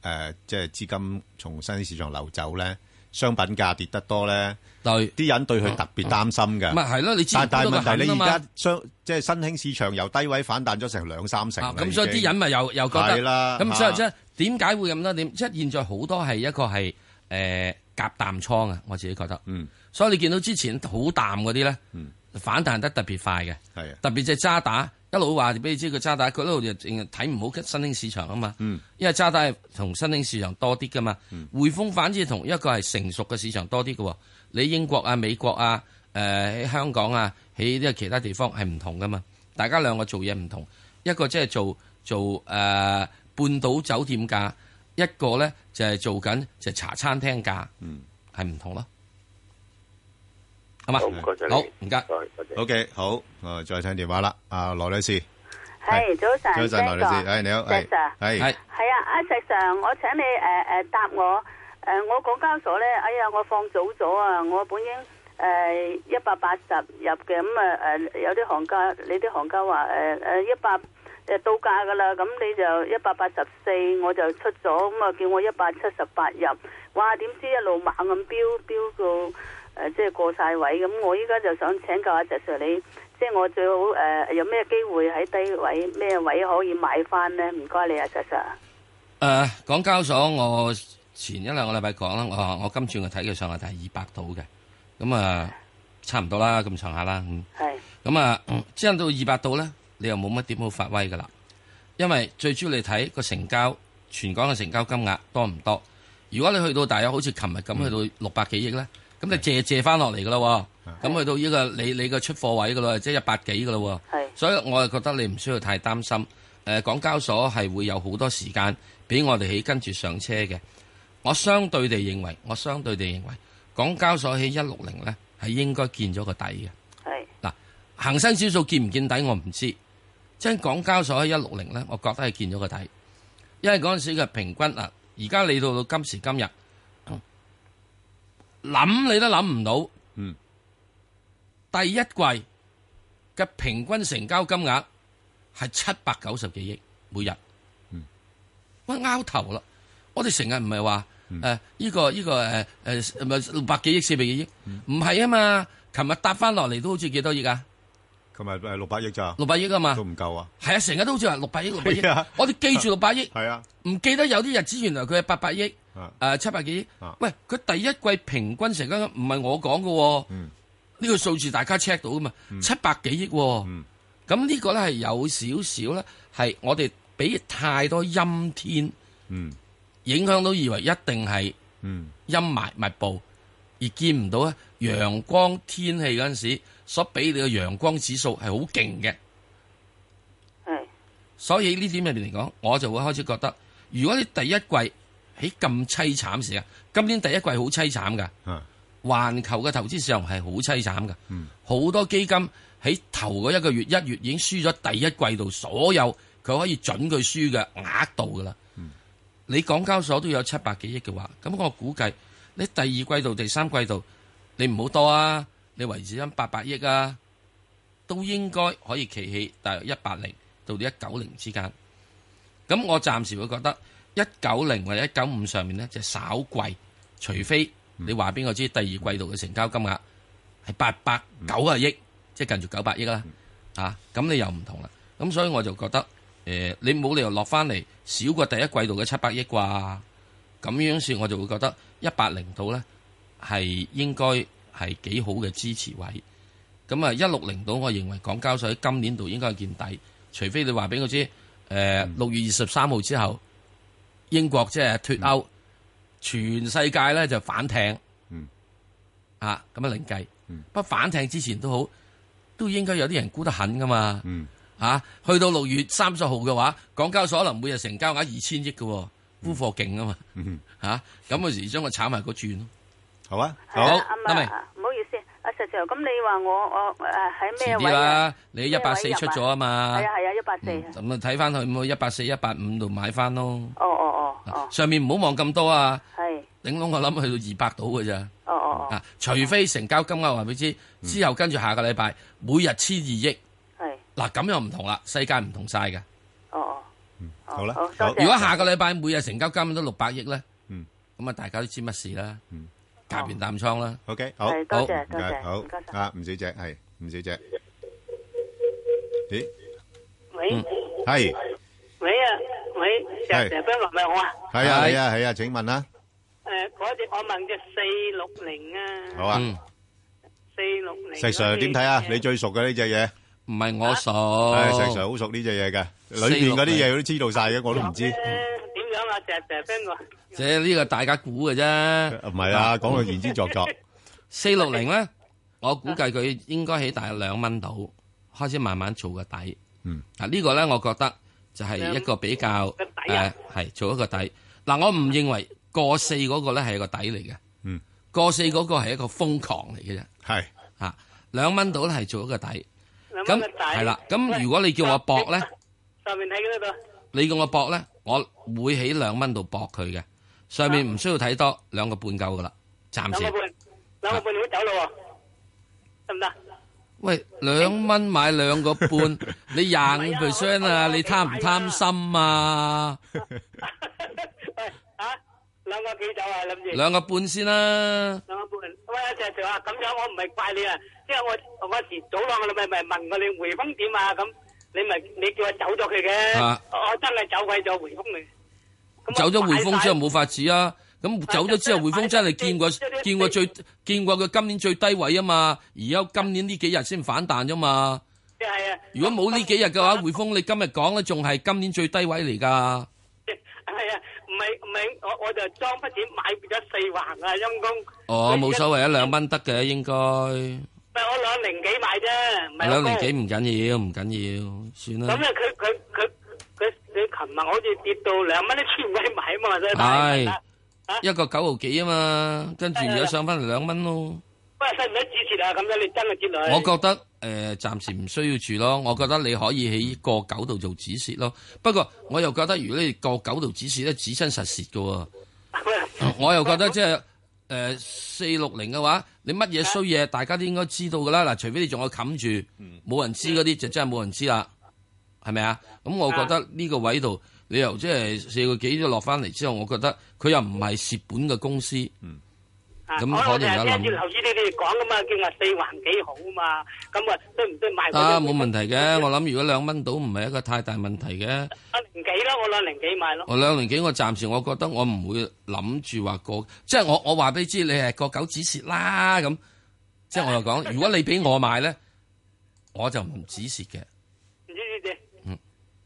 誒，即係資金從新市場流走咧。商品價跌得多咧，啲人對佢特別擔心嘅。咪係咯，你知。但係但係問題，你而家商即係新興市場由低位反彈咗成兩三成，咁、啊、所以啲人咪又又覺得。係啦。咁所以即係點解會咁多點？即係現在好多係一個係誒夾淡倉啊，我自己覺得。嗯。所以你見到之前好淡嗰啲咧，反彈得特別快嘅。係啊。特別係渣打。一路話就俾你知個渣打，佢一路就淨係睇唔好新興市場啊嘛，因為渣打係同新興市場多啲噶嘛，匯豐反之同一個係成熟嘅市場多啲嘅。你英國啊、美國啊、誒、呃、喺香港啊，喺呢個其他地方係唔同噶嘛。大家兩個做嘢唔同，一個即係做做誒、呃、半島酒店價，一個咧就係做緊就茶餐廳價，係唔同咯。好唔該，好唔該，O K，好，啊，再聽電話啦，啊，羅女士，係早晨，早晨，羅女士，係、hey，你好，係係係啊，阿石 Sir，我請你誒誒、呃呃、答我，誒、呃，我港交所咧，哎呀，我放早咗啊，我本應誒一百八十入嘅，咁啊誒，有啲行家，你啲行家話誒誒一百誒到價噶啦，咁你就一百八十四，我就出咗，咁、嗯、啊叫我一百七十八入，哇，點知一路猛咁飆飆到～誒、呃，即係過曬位咁，我依家就想請教阿 Sir 你，即係我最好誒，有咩機會喺低位咩位可以買翻呢？唔該你阿 Sir。港交所我前一兩個禮拜講啦，我我今次我睇嘅上下就係二百度嘅，咁啊差唔多啦，咁上下啦。嗯，咁啊，之後、嗯嗯、到二百度咧，你又冇乜點好發威噶啦，因為最主要你睇個成交，全港嘅成交金額多唔多？如果你去到大約好似琴日咁去到六百幾億咧。嗯嗯嗯嗯嗯嗯咁你借借翻落嚟噶喎。咁去到呢，這個你你個出貨位噶啦，即、就、係、是、一百幾噶喎。所以我又覺得你唔需要太擔心。呃、港交所係會有好多時間俾我哋起跟住上車嘅。我相對地認為，我相對地認為，港交所喺一六零呢係應該見咗個底嘅。係嗱，恆生指數見唔見底我唔知，即係港交所喺一六零呢，我覺得係見咗個底，因為嗰陣時嘅平均啊，而家你到到今時今日。諗你都諗唔到，嗯，第一季嘅平均成交金額係七百九十幾億每日，嗯，我拗頭啦，我哋成日唔係話誒呢個呢個誒誒係六百幾億四百幾億，唔係啊嘛，琴日搭翻落嚟都好似幾多億啊？琴日係六百億咋？六百億、嗯、啊嘛？都唔夠啊？係啊，成日都好似話六百億六百億，我哋記住六百億，係啊，唔記得有啲日子原來佢係八百億。誒、呃，七百幾億、啊？喂，佢第一季平均成交唔係我講嘅，呢、嗯呢個數字大家 check 到噶嘛？七百幾億、哦，咁、嗯、呢個咧係有少少咧，係我哋俾太多陰天，嗯、影響到以為一定係陰霾密布，而見唔到咧陽光天氣嗰陣時所俾你嘅陽光指數係好勁嘅，係、嗯，所以呢點入邊嚟講，我就會開始覺得，如果你第一季，喺咁淒慘時間，今年第一季好淒慘噶，環球嘅投資市場係好淒慘噶，好、嗯、多基金喺頭嗰一個月一月已經輸咗第一季度所有佢可以准佢輸嘅額度噶啦、嗯。你港交所都有七百幾億嘅話，咁我估計你第二季度、第三季度你唔好多啊，你維持咗八百億啊，都應該可以企起大約一百零到一九零之間。咁我暫時會覺得。一九零或者一九五上面呢，就是、稍貴。除非你話俾我知第二季度嘅成交金額係八百九啊億，即係近住九百億啦。啊，咁你又唔同啦。咁所以我就覺得誒、呃，你冇理由落翻嚟少過第一季度嘅七百億啩。咁樣算我就會覺得一八零度呢，係應該係幾好嘅支持位。咁啊，一六零度我認為港交所喺今年度應該見底，除非你話俾我知誒六月二十三號之後。英國即係脫歐，全世界咧就、反艇，嗯、啊咁樣另計、嗯，不過反艇之前都好，都應該有啲人沽得狠㗎嘛，嗯、啊去到六月三十號嘅話，港交所可能每日成交額二千億嘅，沽貨勁啊嘛，吓咁嗰時將我炒埋個轉咯、啊，好啊，好得咪。唔、啊、好意思。阿石 Sir，咁你話我我誒喺咩位啊？徐徐你一百四出咗啊嘛？係啊係啊，一百四。咁啊睇翻佢，咪一百四一百五度買翻咯。哦哦哦，上面唔好望咁多啊。係。頂籠我諗去到二百度嘅咋。哦哦哦。啊，除非成交金額話俾你知、嗯，之後跟住下個禮拜每日千二億。係、嗯。嗱咁又唔同啦，世界唔同晒㗎。哦哦。嗯。好啦。好。如果下個禮拜每日成交金都六百億咧，嗯，咁啊大家都知乜事啦。嗯。改變蛋倉啦，OK，好，係多謝多謝，好，啊，吳小姐係，吳小姐，咦，喂，係，喂啊，喂，成成斌話咪我啊，係啊係啊係啊，請問啦，誒，嗰隻我問嘅四六零啊，好啊，四六零，石 Sir 點睇啊？你最熟嘅呢隻嘢，唔係我熟，係石 Sir 好熟呢隻嘢嘅，裏邊嗰啲嘢佢都知道晒嘅，我都唔知。即係呢個大家估嘅啫，唔係啊，講句言之鑿鑿。四六零咧，我估計佢應該喺大約兩蚊度開始慢慢做個底。嗯，嗱呢個咧，我覺得就係一個比較誒，係做一個底。嗱，我唔認為過四嗰個咧係一個底嚟嘅。嗯，過四嗰個係一個瘋狂嚟嘅啫。係啊，兩蚊度咧係做一個底。兩蚊個底。咁係啦。咁如果你叫我搏咧？上面睇幾多度？你叫我搏咧，我會喺兩蚊度搏佢嘅，上面唔需要睇多兩個半夠噶啦，暫時。兩個半，兩個半你都走啦，喎，得唔得？喂，兩蚊買兩個半，你廿五 percent 啊？你貪唔貪心啊？啊，兩個幾走啊？諗住。兩個半先啦。兩個半，喂，石 sir 啊，咁樣我唔係怪你啊，即係我嗰時早朗我咪咪問我你匯豐點啊咁。你咪你叫我走咗佢嘅，我真係走鬼咗匯豐嘅。走咗匯豐之後冇法子啊！咁走咗之後匯豐真係見過見過最見過佢今年最低位啊嘛，而家今年呢幾日先反彈啫嘛。係啊，如果冇呢幾日嘅話，匯豐你今日講咧仲係今年最低位嚟噶。係啊，唔係唔係，我我就裝筆錢買咗四橫啊，陰公。哦，冇所謂，一兩蚊得嘅應該。咪我兩零幾買啫，兩零幾唔緊要，唔緊要，算啦。咁啊，佢佢佢佢佢琴日好似跌到兩蚊都出唔去買嘛，係啊，一個九毫幾啊嘛，跟住而家上翻嚟兩蚊咯。喂，使唔使止蝕啊？咁樣你真係跌落去。我覺得誒，暫時唔需要住咯。我覺得你可以喺個九度做止蝕咯。不過我又覺得，如果你個九度止蝕咧，止親實蝕噶喎。我又覺得即係誒四六零嘅話。你乜嘢衰嘢，大家都應該知道㗎啦。嗱，除非你仲有冚住，冇人知嗰啲就真係冇人知啦，係咪啊？咁我覺得呢個位度，你由即係四個幾都落返嚟之後，我覺得佢又唔係蝕本嘅公司。咁我哋係要留意你哋講噶嘛，叫話四環幾好嘛，咁啊，都唔對賣？啊，冇問題嘅，我諗如果兩蚊到，唔係一個太大問題嘅。幾咯，我兩年幾買咯。我兩年幾，我暫時我覺得我唔會諗住話個，即係我我話俾你知，你係個九指蝕啦，咁。即係我又講、啊，如果你俾我買咧、啊，我就唔止蝕嘅。唔知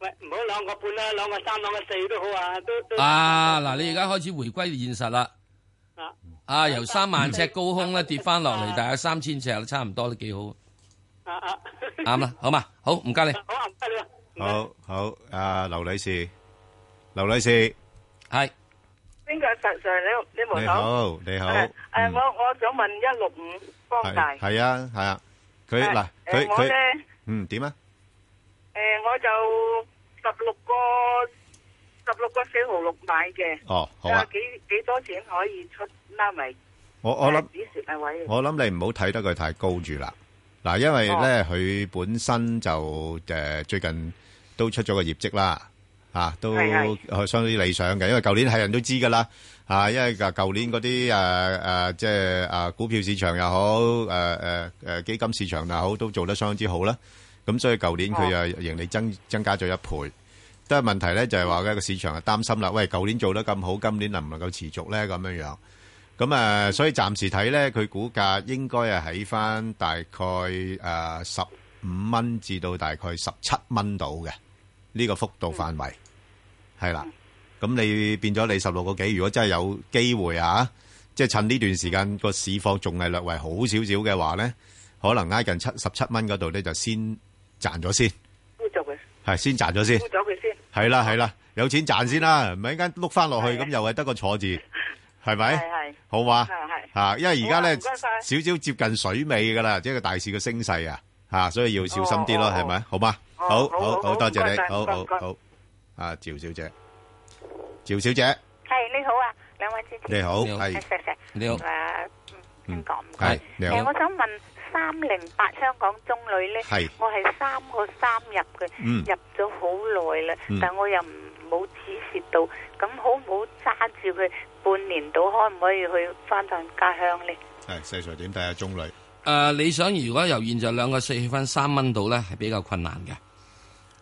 喂，唔好兩個半啦，兩個三、兩個四都好啊，都。啊，嗱、啊，你而家開始回歸現實啦。啊！由三萬尺高空咧跌翻落嚟，大約三千尺，差唔多都幾好。啱啦，好嘛，好唔該你。好好，阿劉女士，劉女士係邊個？就就你你門口。你好，你好。誒，我我想問一六五光大。係啊，係啊，佢嗱佢佢嗯點啊？誒，我就十六個。十六個四毫六買嘅，啊幾幾多錢可以出啦咪？我我諗我諗你唔好睇得佢太高住啦，嗱，因為咧佢本身就誒最近都出咗個業績啦，吓都係啊，相當之理想嘅，因為舊年係人都知噶啦，吓因為舊舊年嗰啲誒誒即係誒股票市場又好，誒誒誒基金市場又好，都做得相當之好啦，咁所以舊年佢啊盈利增增加咗一倍。都係問題咧，就係話呢個市場啊擔心啦。喂，舊年做得咁好，今年能唔能夠持續咧？咁樣樣咁啊，所以暫時睇咧，佢股價應該係喺翻大概誒十五蚊至到大概十七蚊度嘅呢個幅度範圍，係啦。咁你變咗你十六個幾？如果真係有機會啊，即係趁呢段時間個市況仲係略為好少少嘅話咧，可能挨近七十七蚊嗰度咧就先賺咗先。沽咗佢。係，先賺咗先。沽咗佢先。係啦係，啦，有錢賺先啦，唔係一間碌翻落去，咁又係得個坐字，係咪？係好嘛？係吓，因為而家咧少少接近水尾噶啦，即係個大市嘅升勢啊，吓，所以要小心啲咯，係、哦、咪、哦？好嘛、哦，好好好，好，好，好多謝你，好好好，阿趙小姐，趙小姐，係你好啊，兩位主持，你好，係、嗯，你好，你好，我想問。三零八香港中旅咧，我係三個三入嘅、嗯，入咗好耐啦，但我又唔冇止蝕到，咁好唔好揸住佢半年到，可唔可以去翻返家鄉呢？係細碎點睇下中旅誒、呃，你想如果由現在兩個四分三蚊到呢，係比較困難嘅。誒、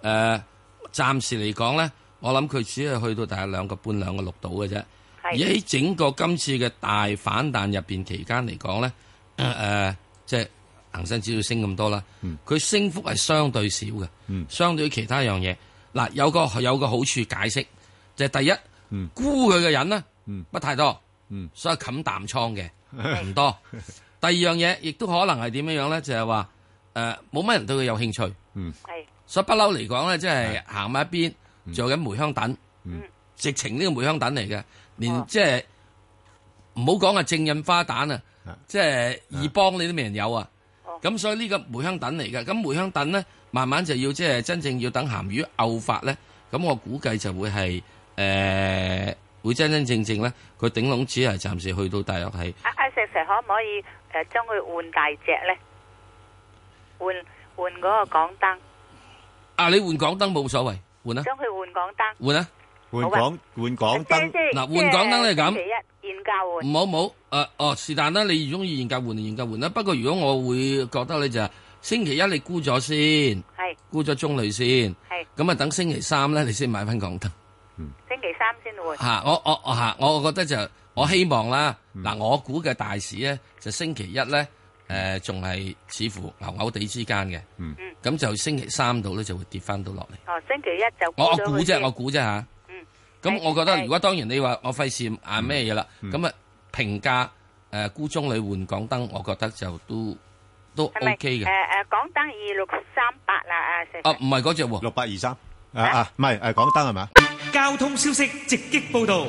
呃，暫時嚟講呢，我諗佢只係去到大約兩個半、兩個六度嘅啫。而喺整個今次嘅大反彈入邊期間嚟講呢，誒、 [coughs] 呃，即係。恒生指數升咁多啦，佢、嗯、升幅係相對少嘅、嗯，相對於其他一樣嘢。嗱，有個有個好處解釋就係、是、第一，嗯、沽佢嘅人嗯唔太多，嗯、所以冚淡倉嘅唔多、嗯。第二樣嘢亦都可能係點樣樣咧，就係話誒冇乜人對佢有興趣，嗯、所以不嬲嚟講咧，即係行埋一邊做緊梅香等，嗯、直情呢個梅香等嚟嘅，連即係唔好講啊正印花旦，啊，即係易幫你都未人有啊。咁所以呢個梅香等嚟嘅，咁梅香等咧，慢慢就要即係真正要等鹹魚嘔發咧，咁我估計就會係誒，會真真正正咧，佢頂籠只係暫時去到大約係。阿阿石石可唔可以誒，將佢換大隻咧？換換嗰個港燈。啊，你換港燈冇所謂，換啦。將佢換港燈。換啦。換港換港燈。即係即係。嗱，換港燈係咁。研究，唔好唔好，誒、呃、哦，是但啦，你中意研究換定研究換啦。不過如果我會覺得你就星期一你沽咗先，係沽咗中旅先，係咁啊，等星期三咧你先買翻港燈，嗯，星期三先會吓，我我吓，我覺得就我希望啦，嗱、嗯，我估嘅大市咧就星期一咧誒，仲、呃、係似乎牛牛地之間嘅，嗯，咁就星期三度咧就會跌翻到落嚟，哦，星期一就我估啫，我估啫吓。咁、嗯嗯、我覺得，如果當然你話我費事啊咩嘢啦，咁啊評價誒沽中旅換港燈，我覺得就都都 O K 嘅。誒誒、呃，港燈二六三八啦啊，哦，唔係嗰隻喎，六八二三啊啊，唔係誒港燈係嘛？交通消息直擊報道。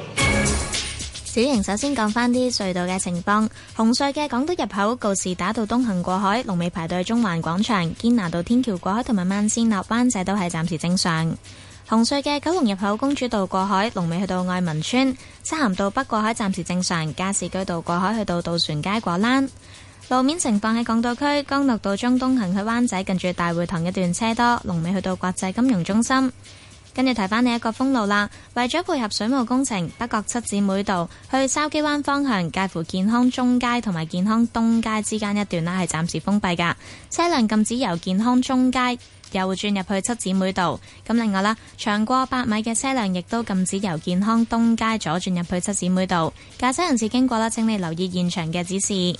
小瑩首先講翻啲隧道嘅情況，紅隧嘅港島入口告士打道東行過海龍尾排隊中環廣場，堅拿道天橋過海同埋慢線落灣仔都係暫時正常。紅隧嘅九龍入口公主道過海，龍尾去到愛民村；西行道北過海暫時正常，加士居道過海去到渡船街果欄。路面情況喺港島區，干諾道中東行去灣仔近住大會堂一段車多，龍尾去到國際金融中心。跟住提翻你一個封路啦，為咗配合水務工程，北角七姊妹道去筲箕灣方向介乎健康中街同埋健康東街之間一段呢係暫時封閉噶，車輛禁止由健康中街。又會轉入去七姊妹道。咁另外啦，長過八米嘅車輛亦都禁止由健康東街左轉入去七姊妹道。駕駛人士經過啦，請你留意現場嘅指示，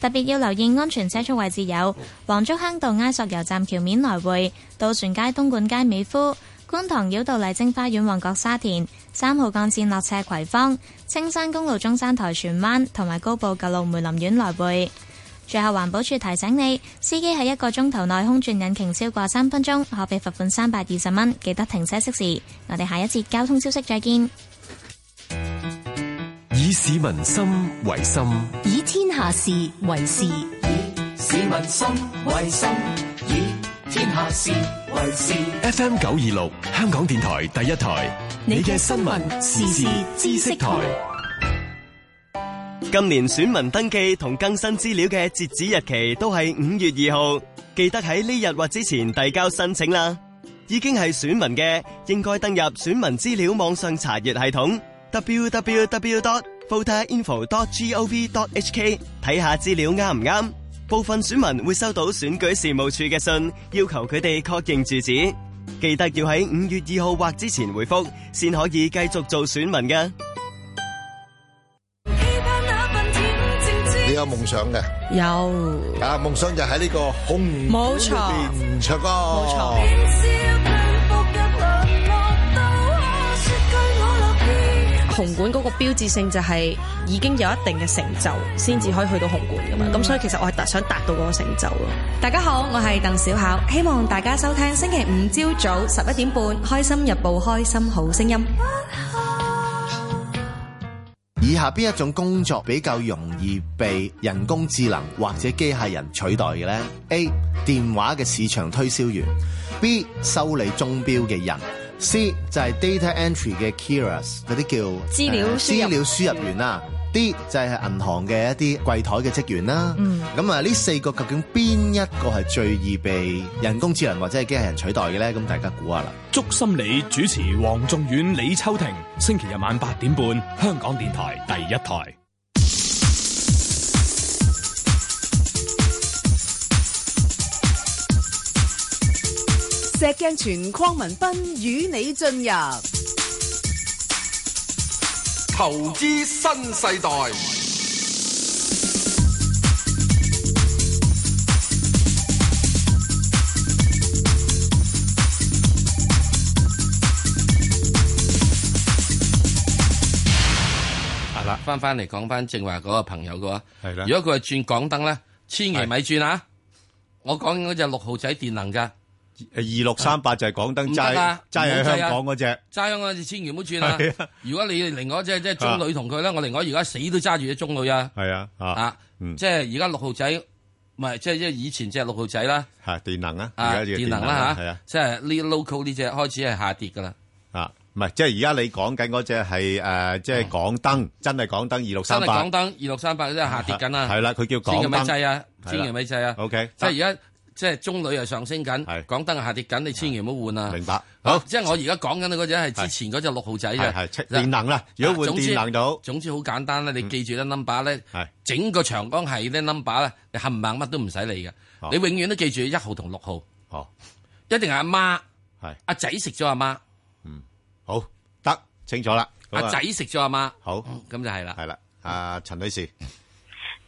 特別要留意安全車速位置有黃竹坑道埃索油站橋面來回、渡船街東莞街美孚、觀塘繞道麗晶花園、旺角沙田、三號幹線落斜葵芳、青山公路中山台荃灣同埋高埗九路梅林苑來回。最後環保署提醒你，司機喺一個鐘頭內空轉引擎超過三分鐘，可被罰款三百二十蚊。記得停車熄匙，我哋下一節交通消息再見。以市民心為心，以天下事為事。以市民心為心，以天下事為事。F M 九二六，香港電台第一台，你嘅新聞時事知識台。今年選民登記同更新資料嘅截止日期都係五月二號，記得喺呢日或之前遞交申請啦。已經係選民嘅，應該登入選民資料網上查閱系統 www.voterinfo.gov.hk，睇下資料啱唔啱。部分選民會收到選舉事務處嘅信，要求佢哋確認住址，記得要喺五月二號或之前回覆，先可以繼續做選民㗎。有夢想嘅有啊！夢想就喺呢個紅館入邊唱歌。紅館嗰個標誌性就係已經有一定嘅成就，先至可以去到紅館噶嘛。咁所以其實我係特想達到嗰個成就咯。大家好，我係鄧小巧，希望大家收聽星期五朝早十一點半《開心日報》開心好聲音。以下邊一種工作比較容易被人工智能或者機械人取代嘅呢？A. 電話嘅市場推銷員，B. 修理鐘表嘅人，C. 就係 data entry 嘅 k i r u s 嗰啲叫資料資料輸入員啦。啲就係、是、銀行嘅一啲櫃台嘅職員啦。咁、嗯、啊，呢四個究竟邊一個係最易被人工智能或者係機械人取代嘅咧？咁大家估下啦。祝心理主持王仲遠、李秋婷，星期日晚八點半，香港電台第一台。石鏡泉，鄺民彬與你進入。投資新世代。好啦，翻翻嚟講翻正話嗰個朋友嘅話，係啦。如果佢係轉港燈咧，千祈咪轉啊！我講緊嗰隻六號仔電能噶。二六三八就係港燈，揸揸響香港嗰隻，揸響嗰隻千祈唔好轉啦。如果你另外即係即係中女同佢咧，我另外而家死都揸住隻中女啊。係啊，啊，啊嗯、即係而家六號仔，唔係即係即係以前即係六號仔啦。吓、啊，電能啊，電能啦吓。即係呢 local 呢隻開始係下跌噶啦。啊，唔係、啊啊，即係而家你講緊嗰隻係誒，即係、呃、港燈、啊，真係港燈二六三八。真係港燈二六三八，即係下跌緊啦、啊。係啦、啊，佢、啊啊、叫港燈。千祈咪制啊，千祈咪制啊。啊啊啊、o、okay, K，即係而家。即係中女又上升緊，港燈又下跌緊，你千祈唔好換啊！明白。好，好即係我而家講緊嗰隻係之前嗰隻六號仔嘅電能啦。如果換電到總之好簡單啦，你記住啲 number 咧，整個長江係啲 number 咧，你冚唪唥乜都唔使理嘅。你永遠都記住一號同六號哦，一定係阿媽。係阿仔食咗阿媽嗯，好得清楚啦。阿仔食咗阿媽。好，咁、嗯、就係啦。係啦，阿、啊、陳女士。嗯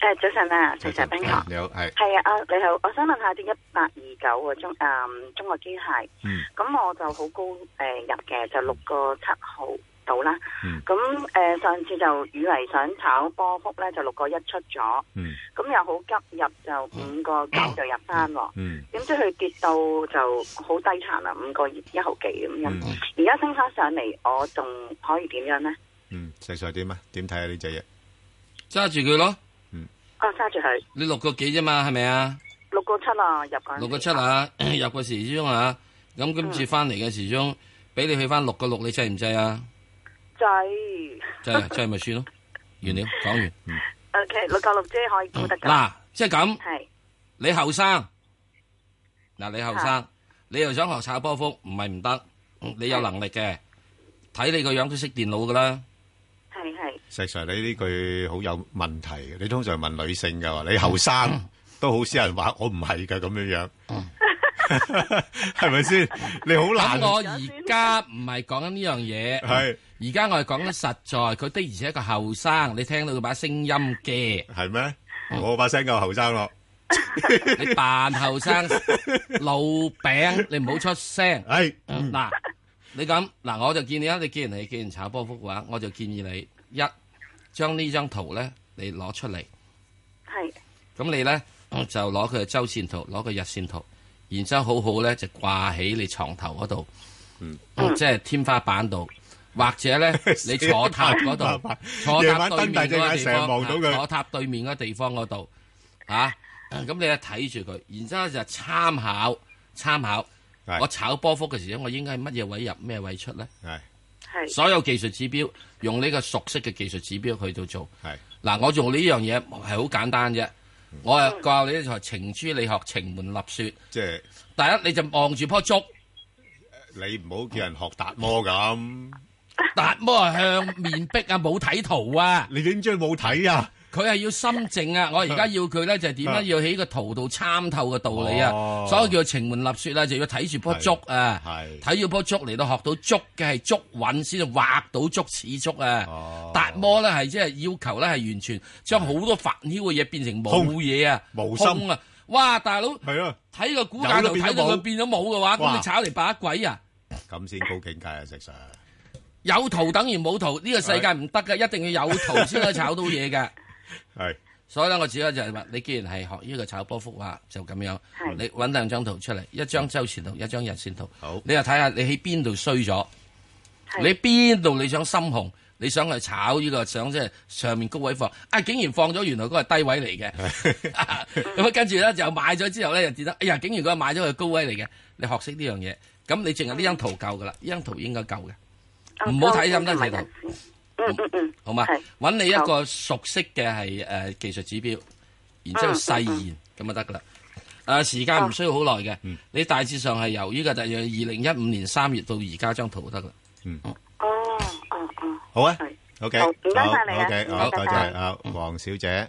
誒、呃，早晨啊！石 Sir、彬哥，你好係係啊，你好，我想問下啲一八二九啊、呃，中誒中國機械，咁、嗯、我就好高誒、呃、入嘅，就六個七號到啦，咁、嗯、誒、呃、上次就以為想炒波幅咧，就六個一出咗，咁、嗯、又好急入就五個九就入翻，嗯，點知佢跌到就好、嗯嗯、低殘啦，五個一,一毫幾咁樣，而家、嗯、升翻上嚟，我仲可以點樣呢？嗯，石 Sir 點啊？點睇啊？呢隻嘢揸住佢咯。啊，揸住佢，你六個幾啫嘛，係咪啊？六個七啊，入個六個七啊，入個時鐘啊。咁今次翻嚟嘅時鐘俾你去翻六個六，你制唔制啊？制，真係真係咪算咯。完了，講完 ok，六個六啫，可以都得噶。嗱，即係咁，你後生。嗱，你後生，你又想學炒波幅，唔係唔得，你有能力嘅，睇你個樣都識電腦噶啦，係係。石 Sir 你呢句好有問題。你通常問女性嘅話，你後生都好少人話我唔係嘅咁樣樣，係咪先？你好難。咁我而家唔係講緊呢樣嘢，係而家我係講緊實在。佢的而且一個後生，你聽到佢把聲音嘅係咩？我把聲夠後生咯，你扮後生老餅，你唔好出聲。係嗱，你咁嗱，我就建議啊，你既然你既然炒波幅嘅話，我就建議你。一將呢張圖咧，你攞出嚟，係咁你咧、嗯、就攞佢周線圖，攞佢日線圖，然之後好好咧就掛喺你床頭嗰度、嗯，嗯，即係天花板度，或者咧 [laughs] 你坐塔嗰度， [laughs] 坐塔對面嗰個地方，坐塔對面嗰地方嗰度，吓、嗯、咁你咧睇住佢，然之後就參考參考，我炒波幅嘅時候，我應該係乜嘢位入，咩位出咧？所有技術指標，用呢個熟悉嘅技術指標去到做。係，嗱，我做呢樣嘢係好簡單啫。我係教你一就情書理，你學程門立雪。即係第一，你就望住棵竹。你唔好叫人學達摩咁。達摩向面壁啊，冇睇圖啊。你點知佢冇睇啊？佢係要心靜啊！我而家要佢咧就係點樣要喺個圖度參透嘅道理啊！所以叫做程門立雪啦，就要睇住樖竹啊，睇住樖竹嚟到學到竹嘅係竹韻先至畫到竹似竹啊！達摩咧係即係要求咧係完全將好多煩囂嘅嘢變成冇嘢啊，無心啊！哇，大佬係咯，睇個古架度睇到佢變咗冇嘅話，咁你炒嚟把鬼啊！咁先高境界啊！其實有圖等於冇圖呢個世界唔得噶，一定要有圖先可以炒到嘢嘅。係，所以咧，我主要就係話，你既然係學呢個炒波幅話，就咁樣，你搵兩張圖出嚟，一張周線圖，一張日線圖。好，你又睇下你喺邊度衰咗，你邊度你想深紅，你想去炒呢、這個，想即係上面高位放，啊、哎，竟然放咗，原來嗰係低位嚟嘅。咁啊， [laughs] [laughs] 跟住咧就買咗之後咧，又跌得，哎呀，竟然嗰日買咗係高位嚟嘅。你學識呢樣嘢，咁你淨係呢張圖夠噶啦，呢、嗯、張圖應該夠嘅，唔好睇咁多圖。嗯嗯，嗯，嗯好嘛，揾你一個熟悉嘅係誒技術指標，然之後誓言咁、嗯嗯嗯、就得噶啦。誒、呃、時間唔需要好耐嘅，你大致上係由呢個大約二零一五年三月到而家張圖就得啦。嗯哦哦哦，好啊，OK 好、嗯，好，OK 好、okay，嗯，多謝啊黃小姐。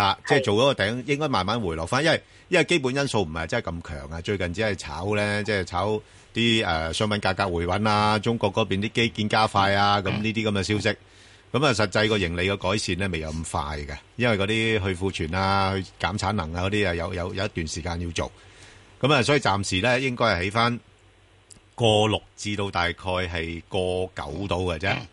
啊、即係做咗個頂，應該慢慢回落翻，因為因為基本因素唔係真係咁強啊。最近只係炒咧，即係炒啲誒、呃、商品價格回穩啊，中國嗰邊啲基建加快啊，咁呢啲咁嘅消息。咁啊，實際個盈利嘅改善咧，未有咁快嘅，因為嗰啲去庫存啊、減產能啊嗰啲啊，有有有一段時間要做。咁啊，所以暫時咧，應該係起翻過六至到大概係過九度嘅啫。嗯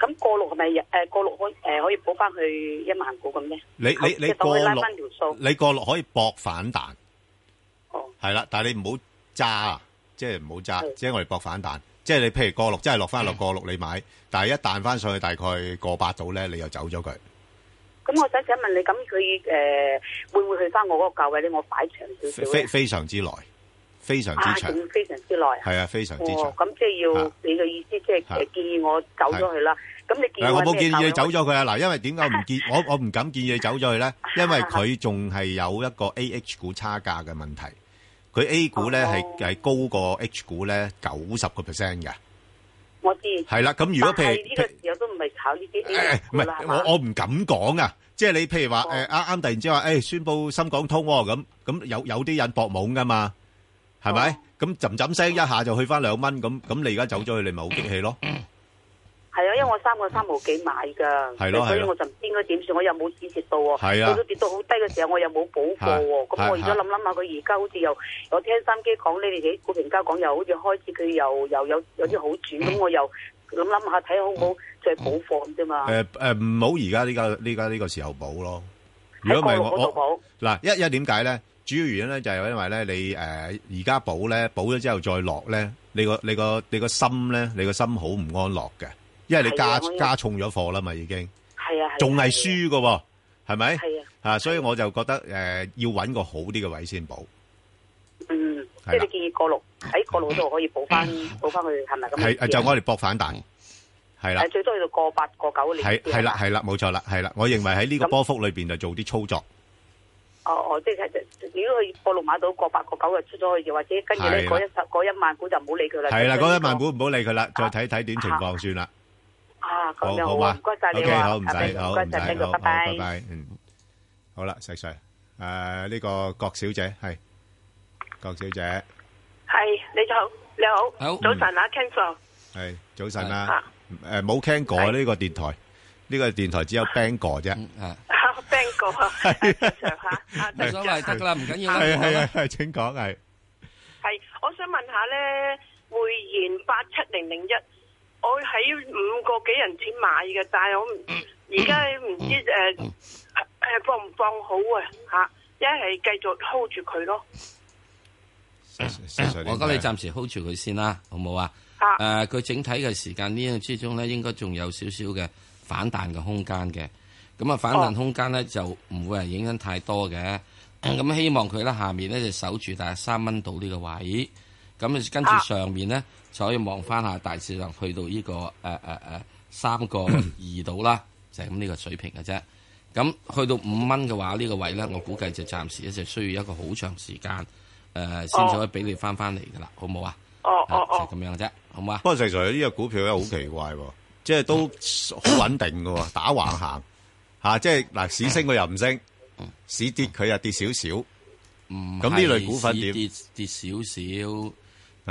咁過六係咪、呃、過六可以、呃、可以補翻去一萬股咁咧？你你你過六、就是，你過六可以博反彈。哦，係啦，但係你唔好揸啊，即係唔好揸，即係我哋博反彈。即係你譬如過六即係落翻落過六，你買，但係一彈翻上去大概過八度咧，你又走咗佢。咁我想請問你，咁佢誒會唔會去翻我嗰個價位咧？你我擺長少少。非常之耐，非常之長，非常之耐。係啊，非常之長、啊。咁、哦、即係要你嘅意思，即係、就是、建議我走咗佢啦。我冇建議你走咗佢啊！嗱，因為點解唔見我我唔敢建議你走咗佢咧？因為佢仲係有一個 A H 股差價嘅問題，佢 A 股咧係係高過 H 股咧九十個 percent 嘅。我知。係啦，咁如果譬如呢個時候都唔係炒呢啲啲。誒，唔係我我唔敢講啊！即係你譬如話誒啱啱突然之間誒宣布深港通咁咁有有啲人搏懵噶嘛係咪？咁冧冧聲一下就去翻兩蚊咁咁你而家走咗佢你咪好激氣咯？係啊，因為我三個三毫幾買㗎，所以我就唔知應該點算。我又冇止蝕到喎，到都跌到好低嘅時候，我又冇補貨喎。咁我而家諗諗下，佢而家好似又我聽心機講你哋啲股評家講又好似開始佢又又有有啲好轉咁，嗯、我又諗諗下睇下好唔好再補貨咁啫嘛。誒、呃、誒，唔好而家呢個呢個呢個時候補咯。如果唔係我嗱、啊、一一點解咧？主要原因咧就係因為咧你誒而家補咧，補咗之後再落咧，你個你個你個心咧，你個心好唔安樂嘅。因為你加加重咗貨啦嘛，已經，係啊，仲係輸㗎，係咪？係啊，啊，所以我就覺得誒、呃，要揾個好啲嘅位先補。嗯，即係你建議過六喺、哎、過六嗰度可以補翻，補翻佢係咪咁樣？就我哋搏反彈，係、嗯、啦。最多去到過八過九年。係啦係啦，冇錯啦，係啦。我認為喺呢個波幅裏邊就做啲操作。嗯、哦哦，即係如果佢過六買到過八個九嘅出咗，去又或者跟住咧嗰一一萬股就唔好理佢啦。係啦，嗰一萬股唔好理佢啦，再睇睇點情況算啦。啊，咁就好啊！唔該曬你啊，阿 Ben 哥，唔該曬呢個，拜拜，拜拜，嗯，好啦，細細，誒呢個郭小姐係，郭小姐係，你就好，你好，好，早晨啊，Ken 哥，係早晨啦，誒冇聽過呢個電台，呢個電台只有 Ben 哥啫，啊，Ben 哥啊，正常嚇，啊得所謂得㗎啦，唔緊要啦，係係係，請講係，係，我想問下咧，匯賢八七零零一。我喺五個幾人錢買嘅，但係我唔而家唔知誒誒放唔放好啊吓！一係繼續 hold 住佢咯。我覺得你暫時 hold 住佢先啦，好冇啊？啊！誒、啊，佢、啊啊啊、整體嘅時間呢樣之中咧，應該仲有少少嘅反彈嘅空間嘅。咁、哦、啊，反彈空間咧就唔會係影響太多嘅。咁希望佢咧下面咧就守住大約三蚊度呢個位。咁跟住上面咧，就可以望翻下大致上去到呢、這個誒誒誒三個二度啦，就係咁呢個水平嘅啫。咁、嗯、去到五蚊嘅話，呢、這個位咧，我估計就暫時咧就需要一個好長時間誒，先至、呃、可以俾你翻翻嚟噶啦，好唔好啊？哦哦哦，咁、就是、樣啫，好啊？不過實在呢、這個股票咧，好奇怪，嗯、即係都好穩定噶、嗯，打橫行吓、啊，即係嗱，市升佢又唔升、嗯，市跌佢又跌少少，咁、嗯、呢類股份跌跌少少。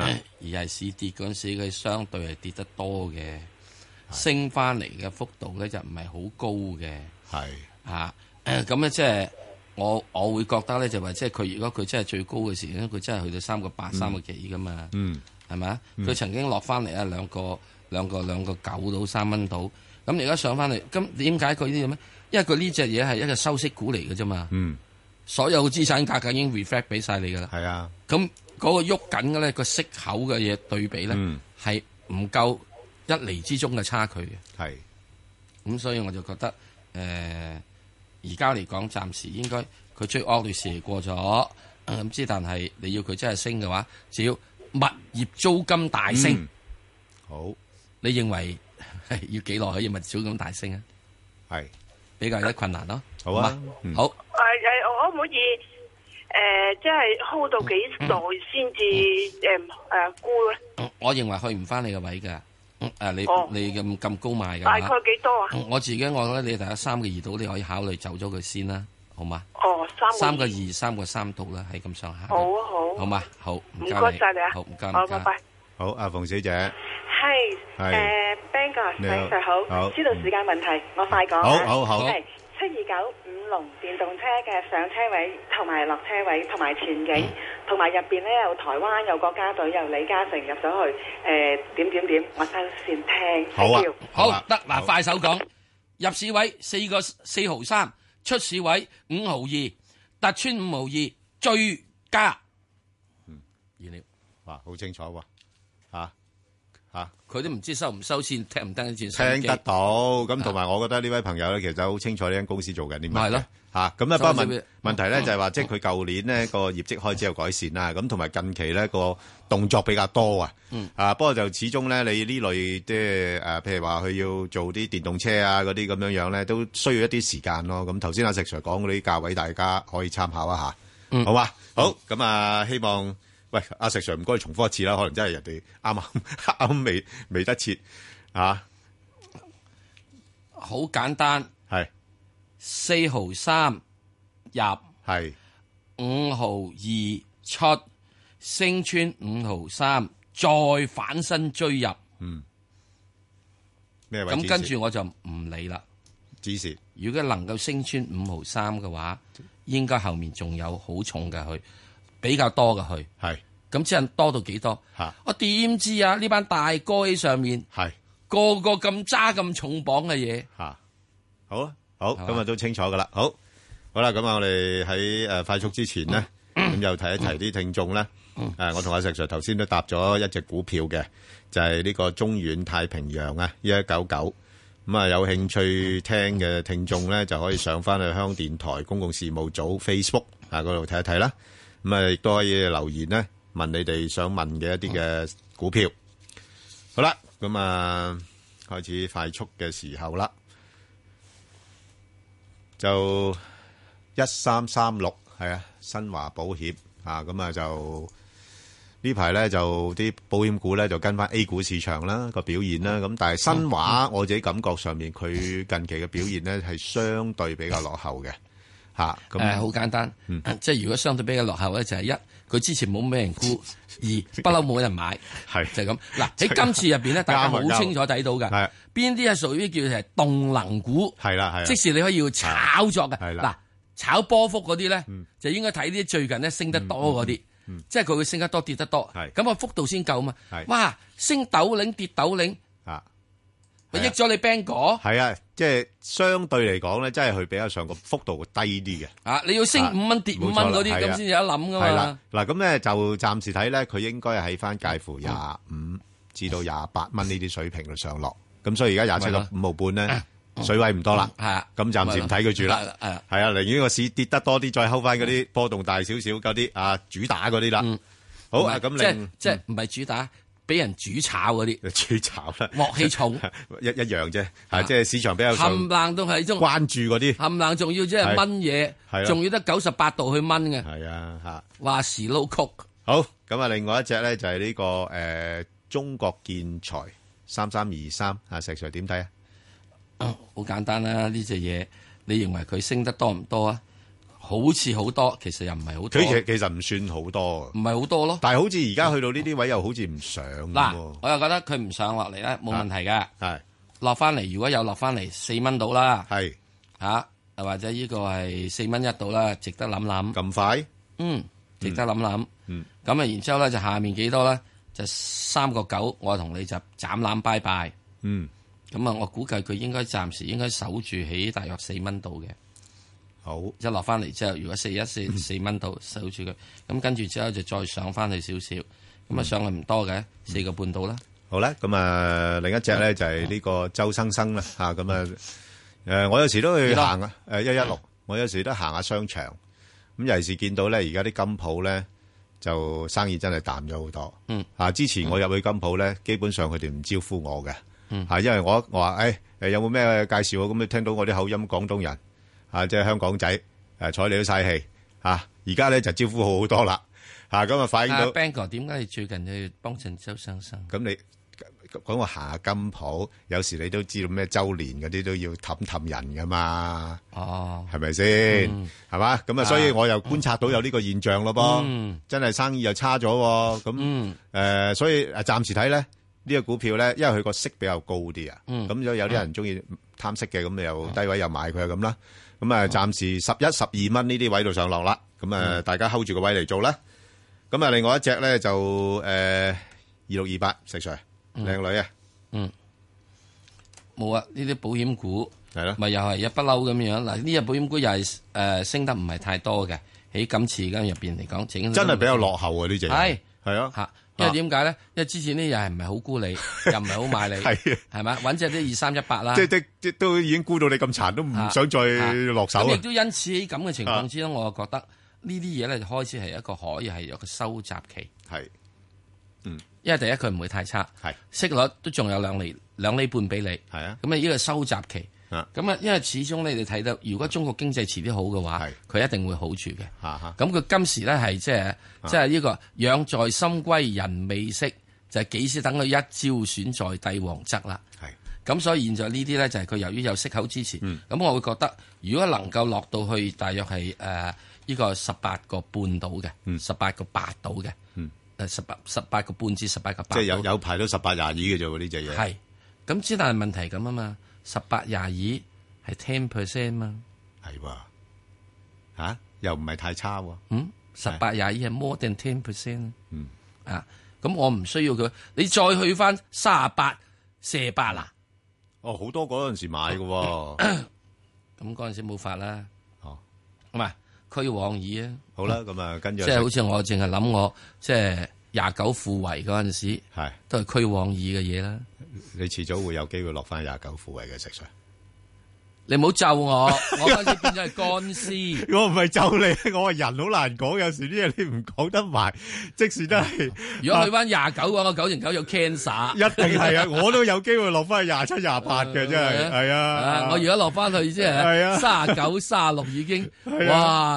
是而係市跌嗰陣時，佢相對係跌得多嘅，升翻嚟嘅幅度咧就唔係好高嘅。係咁咧，即、啊、係、呃嗯就是、我我會覺得咧，就話即係佢如果佢真係最高嘅時候佢真係去到三個八、三個幾噶嘛。嗯，係咪？佢、嗯、曾經落翻嚟啊，兩個兩個兩個九到三蚊到。咁而家上翻嚟，咁點解佢呢咁咩？因為佢呢隻嘢係一個收息股嚟嘅啫嘛。嗯，所有嘅資產價格已經 reflect 俾晒你㗎啦。係啊，咁。嗰、那個喐緊嘅咧，個息口嘅嘢對比咧，係、嗯、唔夠一厘之中嘅差距嘅。係，咁、嗯、所以我就覺得，誒而家嚟講，暫時應該佢最惡劣時期過咗，咁、嗯、知。但係你要佢真係升嘅話，只要物業租金大升，嗯、好，你認為、哎、要幾耐可以物業租金大升啊？係比較有啲困難咯。好啊，好。誒、嗯、誒、哎，我唔好意。誒、呃，即係 hold 到幾耐先至誒誒沽咧、嗯？我認為去唔翻，你嘅位噶。誒、嗯，你、哦、你咁咁高賣噶？大概幾多啊？我自己我覺得你大家三個二到，你可以考慮走咗佢先啦，好嘛？哦，三個二，三個三到啦，係咁上下。好、啊、好，好嘛，好唔該晒你啊，好唔該，好，好拜拜。好，阿馮小姐係誒，Banker，你好，好，好，知道時間問題，我快講、啊，好好好。好好好七二九五龍電動車嘅上車位同埋落車位同埋前景，同埋入邊咧有台灣有國家隊有李嘉誠入咗去，誒、呃、點點點，我先先聽。好啊，好得嗱、啊啊啊啊、快手講，入市位四個四,四毫三，出市位五毫二，突川五毫二追加。嗯，意料，哇，好清楚喎、啊。吓，佢都唔知收唔收錢，聽唔聽得到。聽得到，咁同埋我覺得呢位朋友咧，其實好清楚呢間公司做緊啲乜嘢。係咯，吓，咁咧不問問題咧就係話，即係佢舊年咧個業績開始有改善啦，咁同埋近期咧個動作比較多啊。嗯，啊，不過就始終咧，你呢類即係誒，譬如話佢要做啲電動車啊嗰啲咁樣樣咧，都需要一啲時間咯。咁頭先阿石 Sir 講嗰啲價位，大家可以參考一下。嗯，好嘛，好，咁啊，希望。喂，阿石 Sir，唔該，重複一次啦，可能真係人哋啱啱啱未未得切啊！好簡單，係四毫三入，係五毫二出，升穿五毫三，再反身追入。嗯，咩位？咁跟住我就唔理啦。指示，如果能夠升穿五毫三嘅話，應該後面仲有好重嘅佢。比較多嘅去係咁，只能多到幾多？我點知啊？呢班大哥喺上面係個個咁揸咁重磅嘅嘢吓。好啊，好，今日都清楚㗎啦。好，好啦，咁啊，我哋喺誒快速之前咧，咁又提一提啲聽眾咧。誒，我同阿石 Sir 頭先都搭咗一隻股票嘅，就係呢個中遠太平洋啊，一一九九咁啊。有興趣聽嘅聽眾咧，就可以上翻去香港電台公共事務組 Facebook 啊嗰度睇一睇啦。咁咪亦都可以留言咧，問你哋想問嘅一啲嘅股票好。好啦，咁啊開始快速嘅時候啦，就一三三六係啊新華保險啊，咁啊就呢排咧就啲保險股咧就跟翻 A 股市場啦個表現啦，咁但係新華、嗯、我自己感覺上面佢近期嘅表現咧係相對比較落後嘅。咁誒好簡單，嗯啊、即係如果相對比較落後咧，就係、是、一，佢之前冇咩人沽； [laughs] 二，不嬲冇人買， [laughs] 是就係、是、咁。嗱、啊、喺今次入面咧， [laughs] 大家好清楚睇到嘅，邊啲係屬於叫誒動能股，啦即時你可以要炒作嘅，嗱、啊、炒波幅嗰啲咧，就應該睇啲最近咧升得多嗰啲、嗯嗯嗯，即係佢會升得多跌得多，咁個幅度先夠嘛。哇，升竇零跌竇零。佢益咗你 bank 果？係啊，即係、啊就是、相對嚟講咧，即係佢比較上個幅度低啲嘅。啊，你要升五蚊、啊、跌五蚊嗰啲咁先至有得諗噶嘛？係啦、啊，嗱咁咧就暫時睇咧，佢應該喺翻介乎廿五至到廿八蚊呢啲水平度上落。咁、嗯、所以而家廿七到五毫半咧，水位唔多啦。係、嗯、啊，咁暫時唔睇佢住啦。係、嗯、啊，寧願個市跌得多啲，再 hold 翻嗰啲波動大少少嗰啲啊主打嗰啲啦。好啊，咁、嗯、你即係、嗯、即係唔係主打？俾人煮炒嗰啲，煮炒啦，鑊氣重一一樣啫，嚇，即係市場比較冚冷，都係一種關注啲，冚冷仲要即係炆嘢，仲、就是啊、要得九十八度去炆嘅，係啊，嚇話時撈曲。好咁啊，另外一隻咧就係、是、呢、這個誒、呃、中國建材三三二三啊，石 Sir 點睇啊？好、哦、簡單啦、啊，呢隻嘢你認為佢升得多唔多啊？好似好多，其實又唔係好多。其實其實唔算好多，唔係好多咯。但好似而家去到呢啲位，又好似唔上嗱。我又覺得佢唔上落嚟咧，冇問題嘅。係落翻嚟，如果有落翻嚟，四蚊到啦。係嚇、啊，或者呢個係四蚊一度啦，值得諗諗。咁快？嗯，值得諗諗。嗯，咁、嗯、啊，然之後咧就下面幾多咧，就三個九，我同你就斬纜拜拜。嗯，咁啊，我估計佢應該暫時應該守住喺大約四蚊度嘅。好，一落翻嚟之後，如果四一四四蚊到守住佢，咁跟住之後就再上翻去少少，咁啊上嚟唔多嘅四個半到啦。好啦，咁、嗯、啊另一隻咧就係呢個周生生啦吓，咁啊誒我有時都去行啊誒一一六，我有時都行下商場，咁尤其是見到咧而家啲金鋪咧就生意真係淡咗好多。嗯啊，之前我入去金鋪咧、嗯，基本上佢哋唔招呼我嘅，吓、嗯，因為我我話誒誒有冇咩介紹我咁，啊聽到我啲口音廣東人。啊！即係香港仔，誒、啊，睬你都嘥氣吓，而家咧就招呼好好多啦吓，咁啊就反映到。Banker 點解你最近要幫襯周生生？咁、啊啊、你講個、啊、下金鋪，有時你都知道咩周年嗰啲都要氹氹人噶嘛？哦，係咪先？係、嗯、嘛？咁啊，所以我又觀察到有呢個現象咯噃。嗯。真係生意又差咗，咁誒、嗯呃，所以暫時睇咧呢、這個股票咧，因為佢個息比較高啲啊。嗯。咁有啲人中意貪息嘅，咁你又低位又買佢，咁、嗯、啦。咁啊，暫時十一、十二蚊呢啲位度上落啦，咁啊，大家 hold 住個位嚟做啦。咁啊，另外一隻咧就誒二六二八，呃、26, 28, 石 Sir、嗯，靚女啊，嗯，冇啊，呢啲保險股係咯，咪又係一不嬲咁樣嗱，呢隻保險股又係誒、呃、升得唔係太多嘅，喺今次間入邊嚟講，真係比較落後啊呢隻係係啊吓。因為點解咧？因為之前呢又係唔係好沽你，又唔係好買你，係嘛 [laughs] 是的？揾隻啲二三一八啦， [laughs] 即係都已經沽到你咁殘，都唔想再落手亦都因此喺咁嘅情況之中，我啊覺得呢啲嘢咧就開始係一個可以係有個收集期。係，嗯，因為第一佢唔會太差，係的息率都仲有兩厘、兩厘半俾你，係啊的，咁啊呢個收集期。咁啊，因為始終你哋睇到如果中國經濟遲啲好嘅話，佢一定會好處嘅。咁、啊、佢、啊、今時咧係即係即係呢個、啊、養在深閨人未識，就係、是、幾時等佢一朝選在帝王側啦。咁所以現在呢啲咧就係、是、佢由於有息口支持。咁、嗯、我會覺得如果能夠落到去大約係誒呢個十八個半到嘅，十八個八到嘅，十八十八個半至十八個八。即係有有排到十八廿二嘅啫喎，呢隻嘢。係、啊、咁，只、這個、但係問題咁啊嘛。十八廿二係 ten percent 啊？係喎，吓又唔係太差，嗯，十八廿二係 more than ten percent 嗯，啊，咁我唔需要佢，你再去翻三十八、四十八啦，哦，好多嗰陣時買嘅、啊，咁嗰陣時冇法啦，哦，唔係趨往二啊，好啦，咁啊跟住，即係好似我淨係諗我即係。廿九富圍嗰陣時，係都係區旺二嘅嘢啦。你遲早會有機會落翻廿九富圍嘅食材。你唔好咒我，我今次變咗係乾屍。 [laughs] 我唔係咒你，我話人好難講，有時啲嘢，你唔講得埋，即使都係。啊、 [laughs] [laughs] 如果去翻廿九嘅話，我九成九有 cancer。一定係 [laughs] 啊，啊，啊，啊，啊，我都有機會落翻去廿七、廿八嘅，真係係啊。我而家落翻去啫係卅九、卅六已經、啊，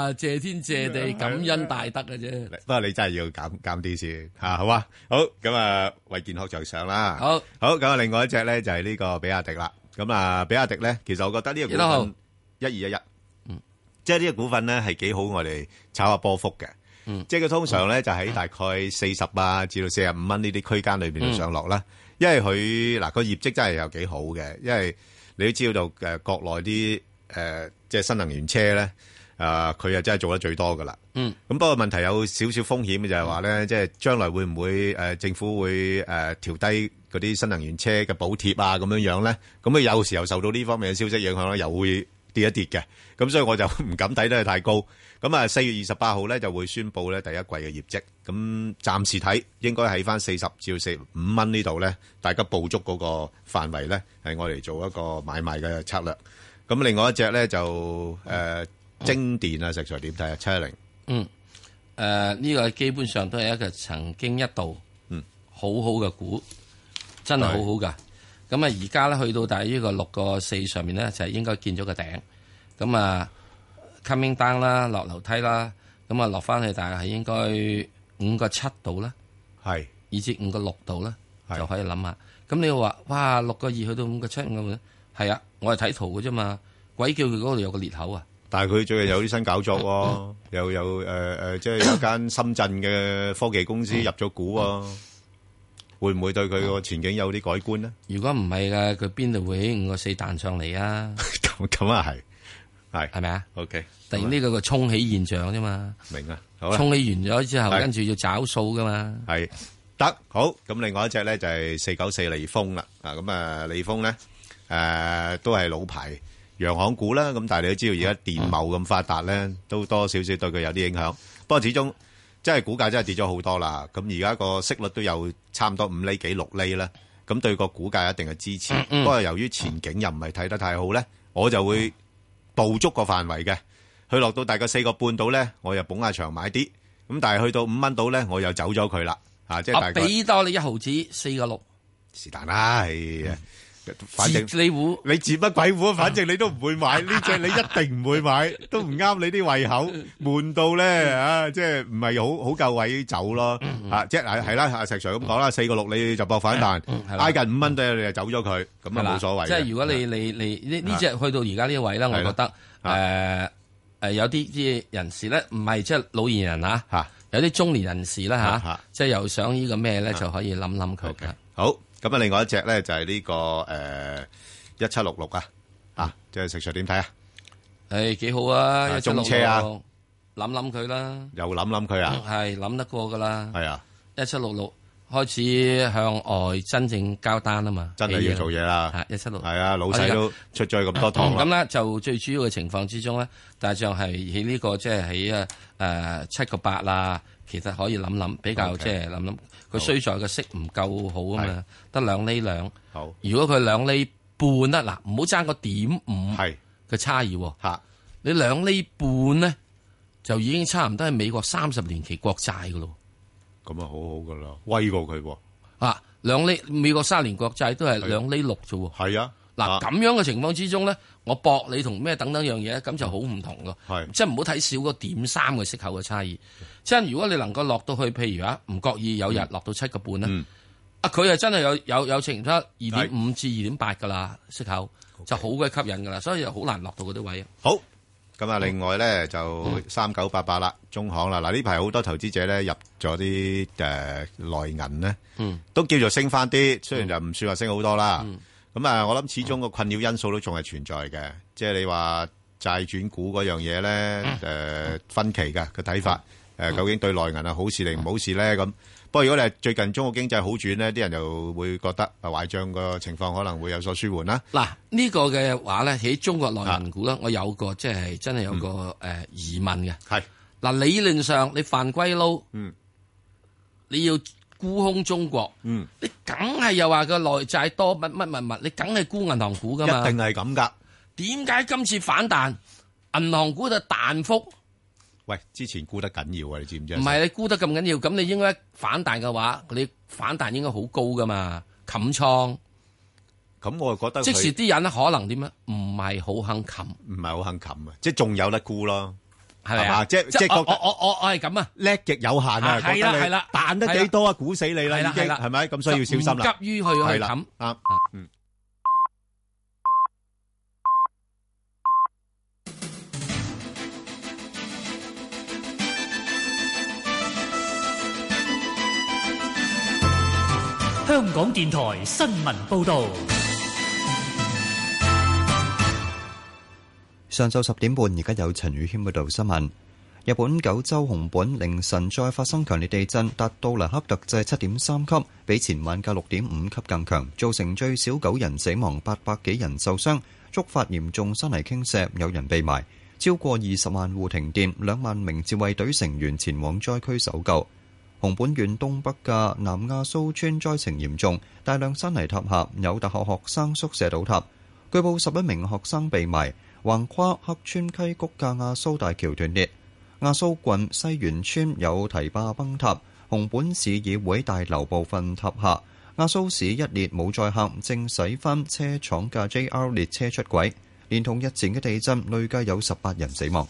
哇！謝天謝地，啊、感恩大德嘅啫、啊啊啊。不過你真係要減減啲先吓，好啊好咁啊，為健康着想啦。好好咁啊，另外一隻咧就係、是、呢個比亞迪啦。咁啊，比亞迪咧，其實我覺得呢個股份一二一一，嗯，即係呢個股份咧係幾好我哋炒下波幅嘅，嗯，即係佢通常咧就喺大概四十啊至到四十五蚊呢啲區間裏邊度上落啦，因為佢嗱個業績真係有幾好嘅，因為你都知道到誒國內啲誒即係新能源車咧，啊，佢啊真係做得最多噶啦，嗯，咁不過問題有少少風險嘅就係話咧，即係將來會唔會誒政府會誒調低？嗰啲新能源車嘅補貼啊，咁樣樣咧，咁啊，有時候受到呢方面嘅消息影響咧，又會跌一跌嘅。咁所以我就唔敢睇得佢太高。咁啊，四月二十八號咧就會宣布咧第一季嘅業績。咁暫時睇應該喺翻四十至到四五蚊呢度咧，大家捕捉嗰個範圍咧，係我嚟，做一個買賣嘅策略。咁另外一隻咧就誒精電啊，石材點睇啊？七一零，嗯誒，呢個基本上都係一個曾經一度嗯好好嘅股。真係好好噶，咁啊而家咧去到大呢個六個四上面咧就係、是、應該見咗個頂，咁啊 coming down 啦落樓梯啦，咁啊落翻去大概係應該五個七度啦，係以至五個六度啦就可以諗下。咁你又話哇六個二去到五個七咁樣，係啊我係睇圖嘅啫嘛，鬼叫佢嗰度有個裂口啊！但係佢最近有啲新搞作喎、啊， [laughs] 又有誒即係有間深圳嘅科技公司入咗股喎、啊。 [laughs] 會唔會對佢個前景有啲改觀咧？如果唔係嘅，佢邊度會起五個四彈上嚟啊？咁咁啊係，係係咪啊？OK，突然呢個個衝起現象啫嘛，明啊，好啦，衝起完咗之後，跟住要找數噶嘛，係得好。咁另外一隻咧就係四九四利豐啦。啊，咁啊利豐咧，誒都係老牌洋行股啦。咁但係你都知道而家電貿咁發達咧，都多少少對佢有啲影響。不過始終。即係股價真係跌咗好多啦，咁而家個息率都有差唔多五厘幾六厘啦，咁對個股價一定係支持。不、嗯、過、嗯、由於前景又唔係睇得太好咧，我就會捕捉個範圍嘅，去落到大概四個半度咧，我又捧下場買啲。咁但係去到五蚊度咧，我又走咗佢啦。啊，即係大。俾多你一毫子，四個六。是但啦，係、嗯。反正你胡，你截乜鬼胡啊？反正你都唔會買呢隻，你一定唔會買，都唔啱你啲胃口，悶到咧啊！即係唔係好好夠位走咯啊！即係係啦，阿石 Sir 咁講啦，四個六你就搏反彈，挨近五蚊對你就走咗佢，咁啊冇所謂。即係如果你你你呢呢隻去到而家呢位咧，我覺得誒誒有啲啲人士咧，唔係即係老年人啊吓，有啲中年人士啦吓，即係又想呢個咩咧就可以諗諗佢嘅好。咁啊，另外一隻咧就係、是、呢、這個誒一七六六啊，啊、嗯，即、就、係、是、食菜點睇啊？誒，幾、哎、好啊！中車啊，諗諗佢啦。又諗諗佢啊？係、嗯、諗得過噶啦。係啊！一七六六開始向外真正交單啊嘛，真係要做嘢啦。一七六六係啊，老細都出咗咁多堂。咁啦，就最主要嘅情況之中咧，但係係係喺呢個即係喺啊誒七個八啦，其實可以諗諗比較即係諗諗。Okay. 佢衰在嘅息唔夠好啊嘛，得兩厘兩。好，如果佢兩厘半啊，嗱，唔好爭個點五嘅差異喎。嚇，你兩厘半咧，就已經差唔多係美國三十年期國債噶咯。咁啊，好好噶啦，威過佢喎。啊，兩厘美國三年國債都係兩厘六啫喎。係啊。咁、啊、樣嘅情況之中咧，我搏你同咩等等樣嘢咧，咁就好唔同咯。係，即係唔好睇少個點三個息口嘅差異，嗯。即係如果你能夠落到去，譬如啊，唔覺意有日落到七個半咧，啊，佢係真係有有有成差二點五至二點八噶啦息口，嗯，就好鬼吸引噶啦，所以好難落到嗰啲位。好，咁啊，另外咧就三九八八啦，中行啦，嗱呢排好多投資者咧入咗啲誒內銀咧，都叫做升翻啲，雖然就唔算話升好多啦。嗯嗯咁、嗯、啊，我諗始終個困擾因素都仲係存在嘅，即係你話債轉股嗰樣嘢咧，誒、嗯呃，分歧㗎。個睇法，誒、呃嗯，究竟對內銀係好事定唔好事咧？咁、嗯，不過如果你係最近中國經濟好轉咧，啲人就會覺得壞賬個情況可能會有所舒緩啦。嗱、啊，呢、這個嘅話咧，喺中國內銀股咧、啊，我有個即係、就是、真係有個誒、嗯呃、疑問嘅。係嗱，理論上你犯規撈，嗯，你要。沽空中國，你梗係又話個內債多乜乜乜乜，你梗係沽銀行股噶嘛？一定係咁噶。點解今次反彈銀行股就彈幅？喂，之前沽得緊要啊，你知唔知啊？唔係你沽得咁緊要，咁你應該反彈嘅話，你反彈應該好高噶嘛？冚倉，咁我又覺得，即是啲人可能點啊？唔係好肯冚，唔係好肯冚啊，即係仲有得沽囉。係啊，即即係我我我我係咁啊，叻極有限啊，咁你彈得幾多啊？估死你啦，係咪？咁所以要小心啦，急於去去抌，啱，嗯。香港電台新聞報道。上晝十點半，而家有陳宇軒報導新聞。日本九州熊本凌晨再發生強烈地震，達到黎克特制七點三級，比前晚嘅六點五級更強，造成最少九人死亡，八百幾人受傷，觸發嚴重山泥傾瀉，有人被埋，超過二十萬戶停電，兩萬名自衛隊成員前往災區搜救。熊本縣東北嘅南亞蘇村災情嚴重，大量山泥塌下，有大學學生宿舍倒塌，據報十一名學生被埋。橫跨黑川溪谷嘅亞蘇大橋斷裂，亞蘇郡西原村有堤壩崩塌，熊本市議會大樓部分塌下，亞蘇市一列冇載客正駛返車廠架 JR 列車出軌，連同日前嘅地震，累計有十八人死亡。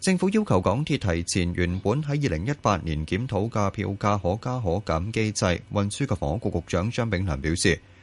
政府要求港鐵提前原本喺二零一八年檢討嘅票價可加可減機制，運輸及房屋局局長張炳良表示，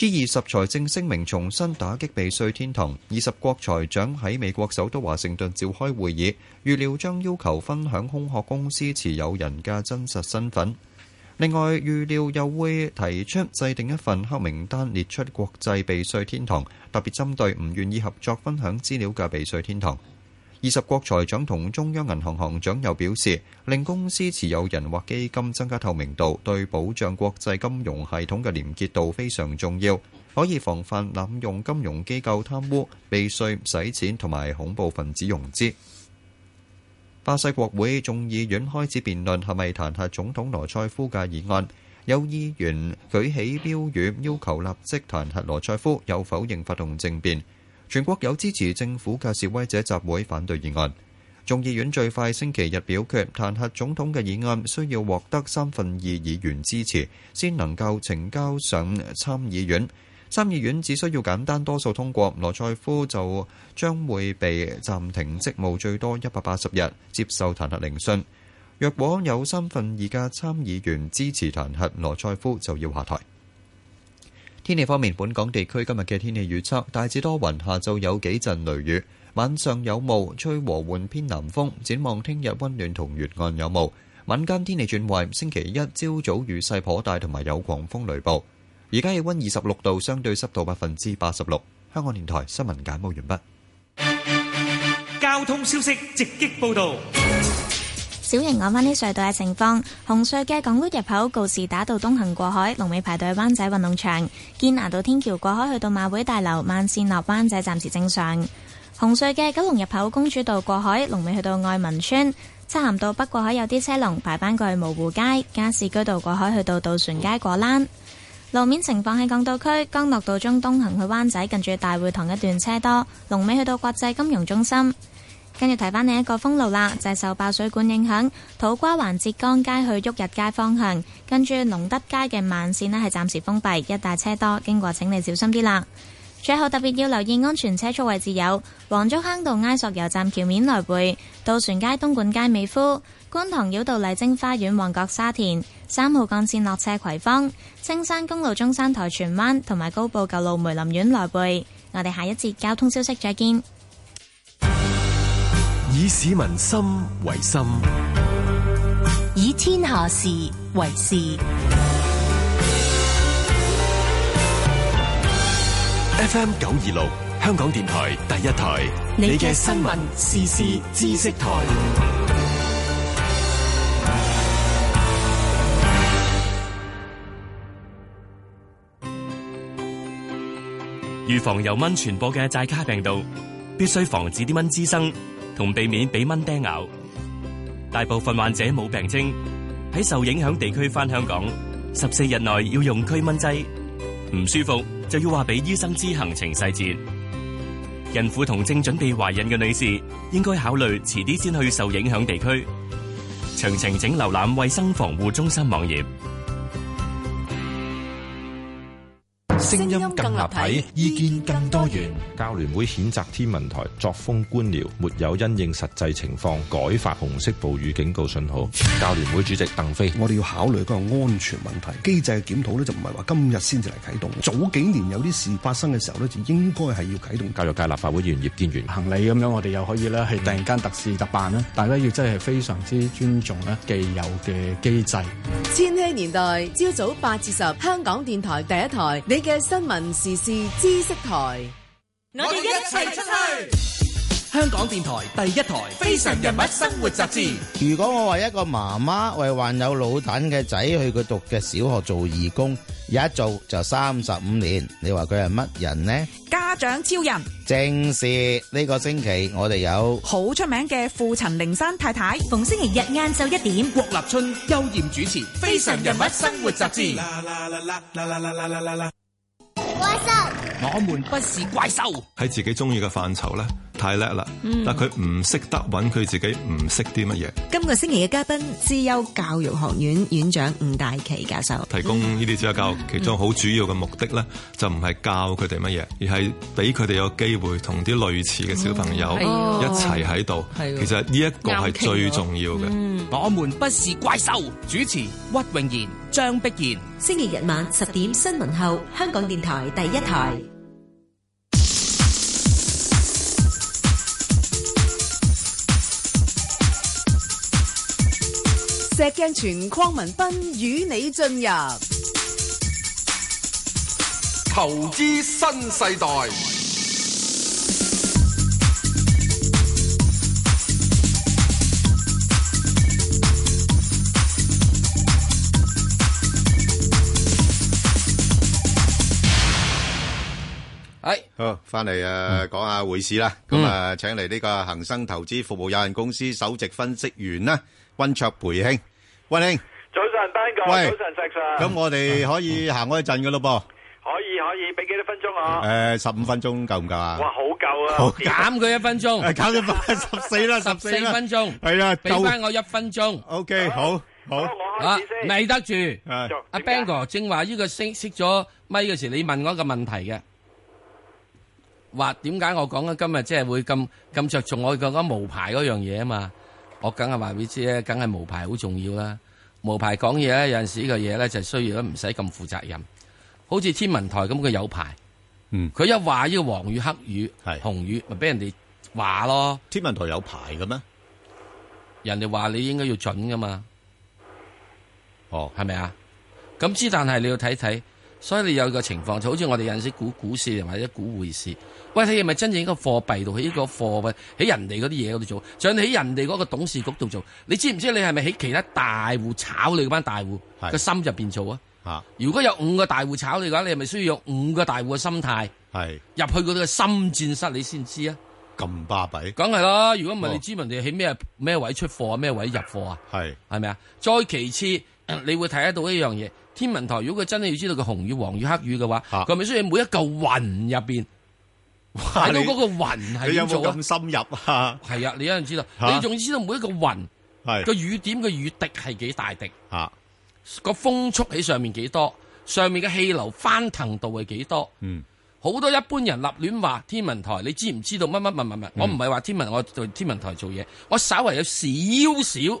G 二十財政聲明重新打擊避稅天堂。二十國財長喺美國首都華盛頓召開會議，預料將要求分享空殼公司持有人嘅真實身份。另外，預料又會提出制定一份黑名單，列出國際避稅天堂，特別針對唔願意合作分享資料嘅避稅天堂。二十國財長同中央銀行行長又表示，令公司持有人或基金增加透明度，對保障國際金融系統嘅廉潔度非常重要，可以防範濫用金融機構、貪污、避稅、洗錢同埋恐怖分子融資。巴西國會眾議院開始辯論係咪彈劾總統羅塞夫嘅議案，有議員舉起標語要求立即彈劾羅塞夫，有否認發動政變。全國有支持政府嘅示威者集會反對議案。眾議院最快星期日表決彈劾總統嘅議案，需要獲得三分二議員支持先能夠呈交上參議院。參議院只需要簡單多數通過，羅塞夫就將會被暫停職務最多一百八十日，接受彈劾聆訊。若果有三分二嘅參議員支持彈劾，羅塞夫就要下台。天氣方面，本港地區今日嘅天氣預測大致多雲，下晝有幾陣雷雨，晚上有霧，吹和緩偏南風。展望聽日温暖同沿岸有霧，晚間天氣轉壞。星期一朝早雨勢頗大，同埋有狂風雷暴。而家氣溫二十六度，相對濕度百分之八十六。香港電台新聞簡報完畢。交通消息直擊報道。小型講返啲隧道嘅情況，紅隧嘅港島入口告士打道東行過海龍尾排隊灣仔運動場，堅拿道天橋過海去到馬會大樓慢線落灣仔暫時正常。紅隧嘅九龍入口公主道過海龍尾去到愛民村，漆咸道北過海有啲車龍排班過去蕪湖街，加士居道過海去到渡船街果欄。路面情況喺港島區，干諾道中東行去灣仔近住大會堂一段車多，龍尾去到國際金融中心。跟住提翻另一個封路啦，就係、是、受爆水管影響，土瓜灣浙江街去旭日街方向，跟住龍德街嘅慢線呢係暫時封閉，一帶車多，經過請你小心啲啦。最後特別要留意安全車速位置有黃竹坑道埃索油站橋面來回，渡船街東莞街美孚觀塘繞道麗晶花園旺角沙田三號幹線落車葵芳青山公路中山台荃灣同埋高埗舊路梅林苑來回。我哋下一節交通消息再見。以市民心為心，以天下事為事。FM 九二六，香港電台第一台，你嘅新聞、時事、知識台。預防由蚊傳播嘅寨卡病毒，必須防止啲蚊滋生。同避免俾蚊叮咬，大部分患者冇病徵，喺受影響地區返香港十四日內要用驅蚊劑，唔舒服就要話俾醫生知行程細節。孕婦同正準備懷孕嘅女士應該考慮遲啲先去受影響地區。詳情請瀏覽衛生防護中心網頁。聲音更立體，意見更多元。教聯會譴責天文台作風官僚，沒有因應實際情況，改發紅色暴雨警告信號。教聯會主席鄧飛：我哋要考慮嗰個安全問題，機制嘅檢討咧就唔係話今日先至嚟啟動。早幾年有啲事發生嘅時候咧就應該係要啟動。教育界立法會議員葉建源：行李咁樣，我哋又可以咧係突然間特事特辦啦，大家要真係非常之尊重咧既有嘅機制。千禧年代，朝早八至十，香港電台第一台，你。嘅新聞時事知識台，我哋一齊出去。香港電台第一台《非常人物生活雜誌》。如果我話一個媽媽為患有腦癱嘅仔去佢讀嘅小學做義工，一做就三十五年，你話佢係乜人呢？家長超人，正是呢個星期我哋有好出名嘅父陳玲山太太。逢星期日晏晝一點，郭立春、邱艷主持《非常人物生活雜誌》。怪獸，我們不是怪獸。喺自己中意嘅範疇咧，太叻啦、嗯。但佢唔識得揾佢自己唔識啲乜嘢。今個星期嘅嘉賓，資優教育學院院長吳大琪教授。提供呢啲資優教育，其中好主要嘅目的咧，就唔係教佢哋乜嘢，而係俾佢哋有機會同啲類似嘅小朋友一齊喺度。係，其實呢一個係最重要嘅、嗯。我們不是怪獸。主持屈穎妍。張碧賢，星期日晚十點新聞後，香港電台第一台。石鏡泉、鄺民彬與你進入投資新世代。係好，翻嚟誒講下匯市啦。咁啊，請嚟呢個恒生投資服務有限公司首席分析員啦，溫卓培兄，溫兄，早晨，Bang 哥，早晨，石 Sir。咁我哋可以行開一陣噶咯噃？可以，可以，俾幾多分鐘啊？誒，十五分鐘夠唔夠啊？哇，好夠啊！減佢一分鐘，減咗十四啦，十四分鐘，係啦，俾翻我一分鐘。O K，好好，我開始先，未得住。阿 Bang 哥正話呢個熄熄咗咪嘅時，你問我一個問題嘅。話點解我講啊？今日即係會咁咁着重我講講無牌嗰樣嘢啊嘛？我梗係話俾你知咧，梗係無牌好重要啦。無牌講嘢咧，有陣時呢個嘢咧就需要唔使咁負責任。好似天文台咁，佢有牌，嗯，佢一話呢個黃雨、黑雨、紅雨，咪俾人哋話咯。天文台有牌嘅咩？人哋話你應該要準噶嘛？哦，係咪啊？咁之但係你要睇睇，所以你有個情況就好似我哋有陣時估股市或者股匯市。喂，你係咪真正喺個貨幣度喺依個貨幣喺人哋嗰啲嘢度做，就喺人哋嗰個董事局度做？你知唔知你係咪喺其他大戶炒你嗰班大戶個心入邊做啊？嚇！如果有五個大戶炒你嘅話，你係咪需要有五個大戶嘅心態？係入去嗰度嘅心戰室，你先知啊！咁巴閉，梗係啦！如果唔係，你知人哋喺咩咩位出貨啊？咩位入貨啊？係係咪啊？再其次，啊、你會睇得到一樣嘢，天文台如果佢真係要知道佢紅雨、黃雨、黑雨嘅話，佢、啊、咪需要每一嚿雲入邊？睇到嗰個雲係點做嘅？有冇咁深入啊！係 [laughs] 啊，你一樣知道？啊、你仲知道每一個雲個雨點嘅雨滴係幾大滴？吓、啊，個風速喺上面幾多？上面嘅氣流翻騰度係幾多？嗯，好多一般人立亂話天文台，你知唔知道乜乜乜乜乜？我唔係話天文，我做天文台做嘢，我稍微有少少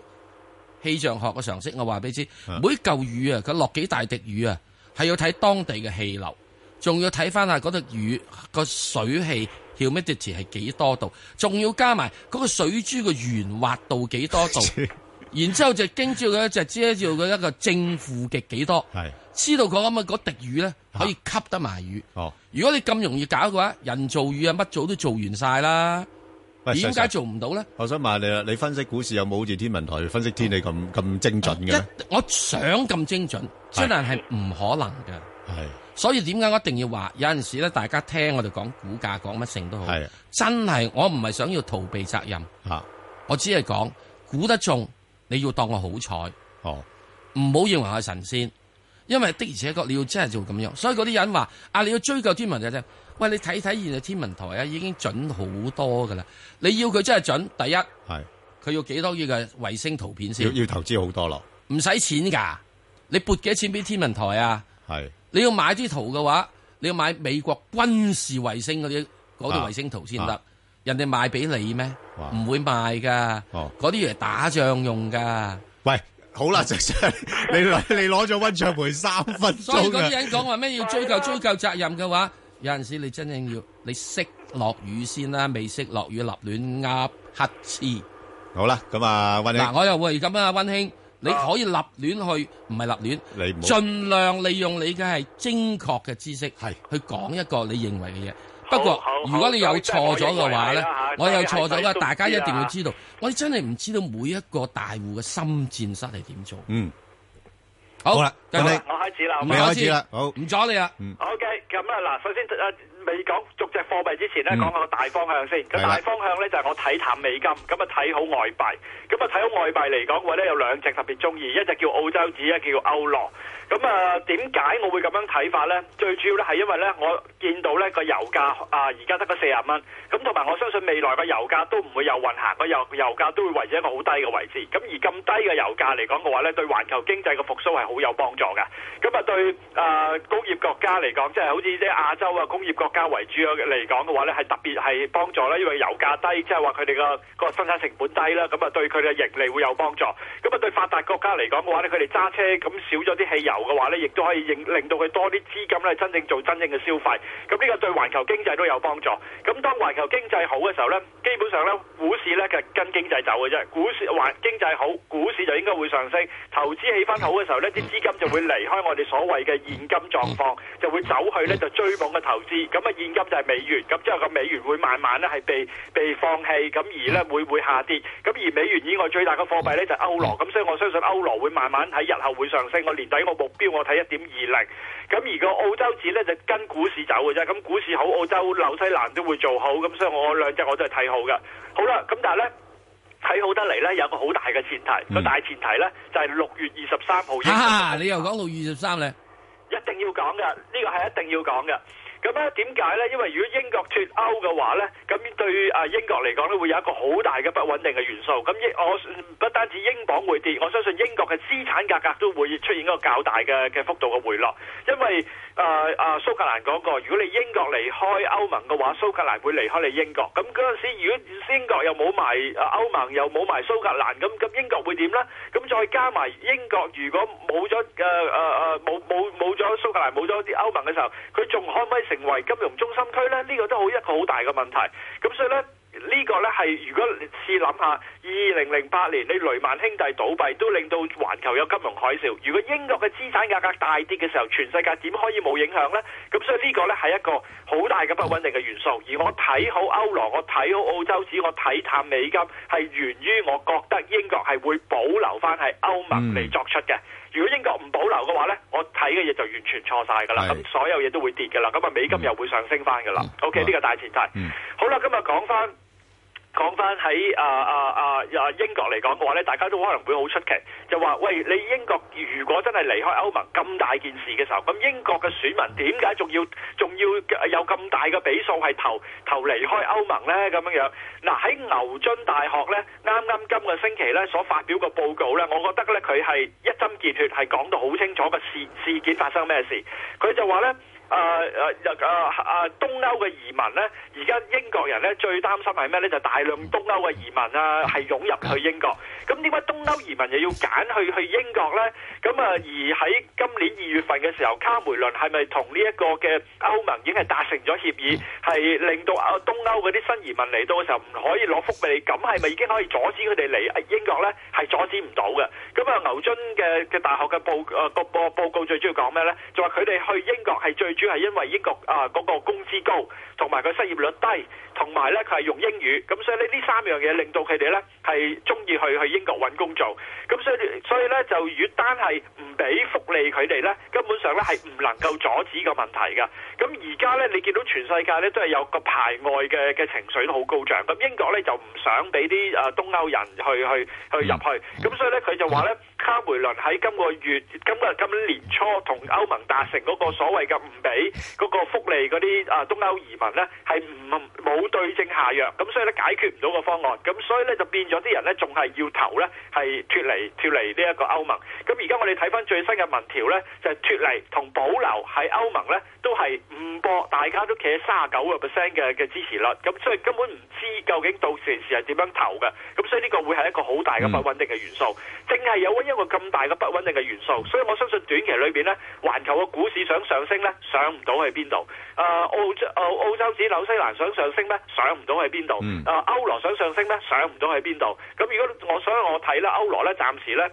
氣象學嘅常識，我話俾你知、啊，每一嚿雨啊，佢落幾大滴雨啊，係要睇當地嘅氣流。仲要睇翻下嗰隻雨個水汽 humidity 係幾多度，仲要加埋嗰個水珠個圓滑度幾多度， [laughs] 然之後就經照佢一隻遮住佢一個正負極幾多，知道佢、那、咁、個、啊嗰滴雨咧可以吸得埋雨哦，如果你咁容易搞嘅話，人造雨啊乜早都做完晒啦。點解做唔到咧？我想問下你啦，你分析股市有冇好似天文台分析天氣咁咁精準嘅咧？我想咁精準，真係係唔可能嘅。係。所以點解我一定要話有陣時咧？大家聽我哋講股價講乜性都好，係、啊、真係我唔係想要逃避責任吓、啊，我只係講估得中，你要當我好彩哦，唔好認為我係神仙，因為的而且確你要真係做咁樣。所以嗰啲人話啊，你要追究天文台啫。喂，你睇睇現在天文台啊，已經準好多噶啦。你要佢真係準，第一係佢要幾多億嘅衛星圖片先要要投資好多咯，唔使錢噶，你撥幾多錢俾天文台啊？係。你要買啲圖嘅話，你要買美國軍事衛星嗰啲嗰啲衛星圖先得、啊啊，人哋賣俾你咩？唔會賣噶，嗰啲嚟打仗用噶。喂，好啦，直、嗯、生，你 [laughs] 你攞咗温卓培三分鐘。所以嗰啲人講話咩要追究、啊、追究責任嘅話，有陣時你真正要你識落雨先啦，未識落雨立亂噏乞嗤。好啦，咁啊温，嗱、啊、我又會咁啊温馨。你可以立亂去，唔係立亂，儘量利用你嘅係精確嘅知識，係去講一個你認為嘅嘢。不過如果你有錯咗嘅話咧，我有錯咗嘅，大家一定要知道。我哋真係唔知道每一個大戶嘅心戰室係點做。嗯，好啦，我開始啦，未開始啦，好，唔阻你啦。嗯，好嘅，咁啊嗱，首先你講逐隻貨幣之前咧，講下個大方向先。個、嗯、大方向咧就係、是、我睇淡美金，咁啊睇好外幣。咁啊睇好外幣嚟講嘅話咧，有兩隻特別中意，一隻叫澳洲紙，一隻叫歐羅。咁啊，點解我會咁樣睇法咧？最主要咧係因為咧，我見到咧個油價啊，而家得個四十蚊。咁同埋我相信未來嘅油價都唔會有運行個油油價都會維持一個好低嘅位置。咁而咁低嘅油價嚟講嘅話咧，對環球經濟嘅復蘇係好有幫助嘅。咁啊對誒、呃、工業國家嚟講，即、就、係、是、好似即係亞洲啊工業國家。為主嚟講嘅話呢，係特別係幫助咧，因為油價低，即係話佢哋個個生產成本低啦，咁啊對佢嘅盈利會有幫助。咁啊對發達國家嚟講嘅話呢，佢哋揸車咁少咗啲汽油嘅話呢，亦都可以令到佢多啲資金咧，真正做真正嘅消費。咁呢個對環球經濟都有幫助。咁當環球經濟好嘅時候呢，基本上呢，股市呢就跟經濟走嘅啫，股市環經濟好，股市就應該會上升。投資氣氛好嘅時候呢，啲資金就會離開我哋所謂嘅現金狀況，就會走去呢就追捧嘅投資。咁現金就係美元，咁之後個美元會慢慢咧，係被被放棄，咁而咧會會下跌，咁而美元以外最大嘅貨幣咧就係歐羅，咁所以我相信歐羅會慢慢喺日後會上升。我年底個目標我睇一點二零，咁而個澳洲紙咧就跟股市走嘅啫，咁股市好，澳洲紐西蘭都會做好，咁所以我兩隻我都係睇好嘅。好啦，咁但係咧睇好得嚟咧有個好大嘅前提，個、嗯、大前提咧就係六月二十三號。吓、啊，你又講到二十三咧？一定要講嘅，呢個係一定要講嘅。咁咧點解咧？因為如果英國脱歐嘅話咧，咁對啊英國嚟講咧，會有一個好大嘅不穩定嘅元素。咁我不單止英鎊會跌，我相信英國嘅資產價格都會出現一個較大嘅嘅幅度嘅回落。因為啊啊、呃、蘇格蘭講過，如果你英國離開歐盟嘅話，蘇格蘭會離開你英國。咁嗰陣時，如果英國又冇埋啊歐盟又冇埋蘇格蘭，咁咁英國會點咧？咁再加埋英國，如果冇咗誒誒誒冇冇冇咗蘇格蘭冇咗啲歐盟嘅時候，佢仲可唔可以？成為金融中心區咧，呢個都好一個好大嘅問題。咁所以咧，呢個咧係如果試諗下。二零零八年你雷曼兄弟倒閉都令到環球有金融海嘯。如果英國嘅資產價格大跌嘅時候，全世界點可以冇影響呢？咁所以呢個呢，係一個好大嘅不穩定嘅元素。而我睇好歐羅，我睇好澳洲紙，我睇淡美金，係源於我覺得英國係會保留翻喺歐盟嚟作出嘅、嗯。如果英國唔保留嘅話呢，我睇嘅嘢就完全錯晒噶啦。咁所有嘢都會跌嘅啦。咁啊，美金又會上升翻噶啦。OK，呢、嗯這個大前提、嗯。好啦，今日講翻。講翻喺啊啊啊啊英國嚟講嘅話咧，大家都可能會好出奇，就話喂你英國如果真係離開歐盟咁大件事嘅時候，咁英國嘅選民點解仲要仲要有咁大嘅比數係投投離開歐盟呢？咁樣樣嗱喺牛津大學呢，啱啱今個星期呢所發表個報告呢，我覺得呢，佢係一針見血，係講到好清楚個事事件發生咩事，佢就話呢。誒誒誒誒，東歐嘅移民咧，而家英國人咧最擔心係咩咧？就大量東歐嘅移民啊，係湧入去英國。咁點解東歐移民又要揀去去英國咧？咁啊，而喺今年二月份嘅時候，卡梅倫係咪同呢一個嘅歐盟已經係達成咗協議，係令到啊東歐嗰啲新移民嚟到嘅時候唔可以攞福利？咁係咪已經可以阻止佢哋嚟英國咧？係阻止唔到嘅。咁啊，牛津嘅嘅大學嘅報誒個報告最主要講咩咧？就話佢哋去英國係最。主要係因為英國啊嗰、呃那個工資高，同埋佢失業率低，同埋咧佢係用英語，咁所以呢呢三樣嘢令到佢哋咧係中意去去英國揾工做，咁所以所以咧就如果單係唔俾福利佢哋咧，根本上咧係唔能夠阻止個問題嘅。咁而家咧你見到全世界咧都係有個排外嘅嘅情緒都好高漲，咁英國咧就唔想俾啲誒東歐人去去去入去，咁所以咧佢就話咧。卡梅倫喺今個月、今個、今年初同歐盟達成嗰個所謂嘅唔俾嗰個福利嗰啲啊東歐移民咧，係唔冇對症下藥，咁所以咧解決唔到個方案，咁所以咧就變咗啲人咧仲係要投咧，係脱離脱離呢一個歐盟。咁而家我哋睇翻最新嘅民調咧，就係脱離同保留喺歐盟咧都係唔博，大家都企喺三十九個 percent 嘅嘅支持率，咁所以根本唔知究竟到時時係點樣投嘅，咁所以呢個會係一個好大嘅不穩定嘅元素，淨係有一。一個咁大嘅不穩定嘅元素，所以我相信短期裏邊咧，環球嘅股市想上升咧，上唔到去邊度。誒、呃，澳洲誒澳洲指紐西蘭想上升咧，上唔到去邊度。誒、嗯呃，歐羅想上升咧，上唔到去邊度。咁如果我所以我睇咧，歐羅咧，暫時咧。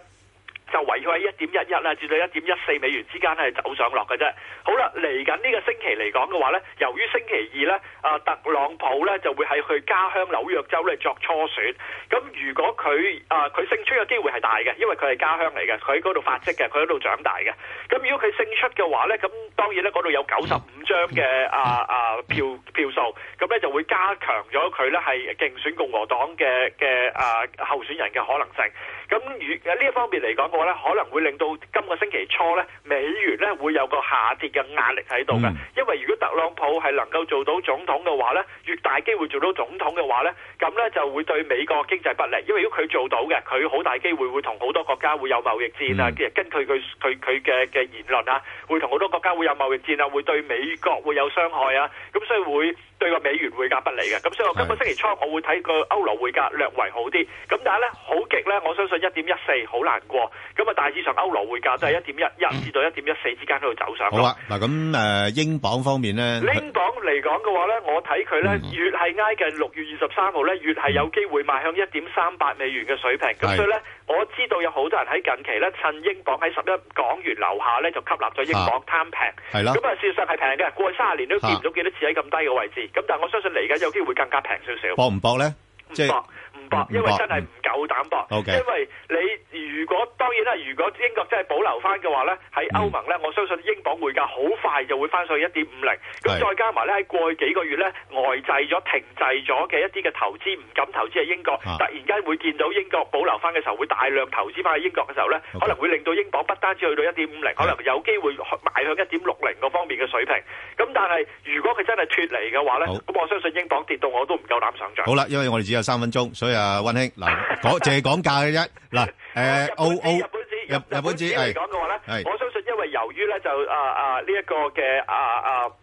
就維喺一點一一啦，至到一點一四美元之間咧，係走上落嘅啫。好啦，嚟緊呢個星期嚟講嘅話咧，由於星期二咧，啊特朗普咧就會喺佢家鄉紐約州咧作初選。咁如果佢佢勝出嘅機會係大嘅，因為佢係家鄉嚟嘅，佢喺嗰度發跡嘅，佢喺度長大嘅。咁如果佢勝出嘅話咧，咁當然咧嗰度有九十五張嘅啊啊票票數，咁咧就會加強咗佢咧係競選共和黨嘅嘅啊候選人嘅可能性。咁如呢一方面嚟講。可能會令到今個星期初咧美元咧會有個下跌嘅壓力喺度嘅，因為如果特朗普係能夠做到總統嘅話咧，越大機會做到總統嘅話咧，咁咧就會對美國經濟不利。因為如果佢做到嘅，佢好大機會會同好多國家會有貿易戰啊，根據佢佢佢佢嘅嘅言論啊，會同好多國家會有貿易戰啊，會對美國會有傷害啊，咁所以會。對個美元匯價不利嘅，咁所以我今個星期初我會睇個歐羅匯價略為好啲，咁但係咧好極咧，我相信一點一四好難過，咁啊，大致上，歐羅匯價都係一點一，一至到一點一四之間喺度走上。好啦，啊，嗱咁誒，英鎊方面咧，英鎊嚟講嘅話咧，我睇佢咧越係挨近六月二十三號咧，越係有機會邁向一點三八美元嘅水平。咁，嗯、所以咧，我知道有好多人喺近期咧趁英鎊喺十一港元樓下咧就吸納咗英鎊貪平，咁啊，事實上係平嘅，過去三十年都見唔到幾多次喺咁低嘅位置。咁但係我相信嚟緊有機會更加平少少。搏唔搏咧？唔搏。即係。因為真係唔夠膽搏、嗯，因為你如果當然啦，如果英國真係保留翻嘅話呢，喺歐盟呢、嗯，我相信英鎊匯價好快就會翻上去一點五零。咁再加埋呢，喺過去幾個月呢，呆滯咗、停滯咗嘅一啲嘅投資，唔敢投資喺英國、啊，突然間會見到英國保留翻嘅時候，會大量投資翻喺英國嘅時候呢，okay, 可能會令到英鎊不單止去到一點五零，可能有機會邁向一點六零方面嘅水平。咁但係如果佢真係脫離嘅話呢，咁我相信英鎊跌到我都唔夠膽想像。好啦，因為我哋只有三分鐘。佢啊，溫馨嗱，講淨係講價嘅啫。嗱， [laughs] 誒，澳澳日本紙，日本紙嚟講嘅話咧，係我相信因為由於咧就啊啊呢一個嘅啊啊。啊這個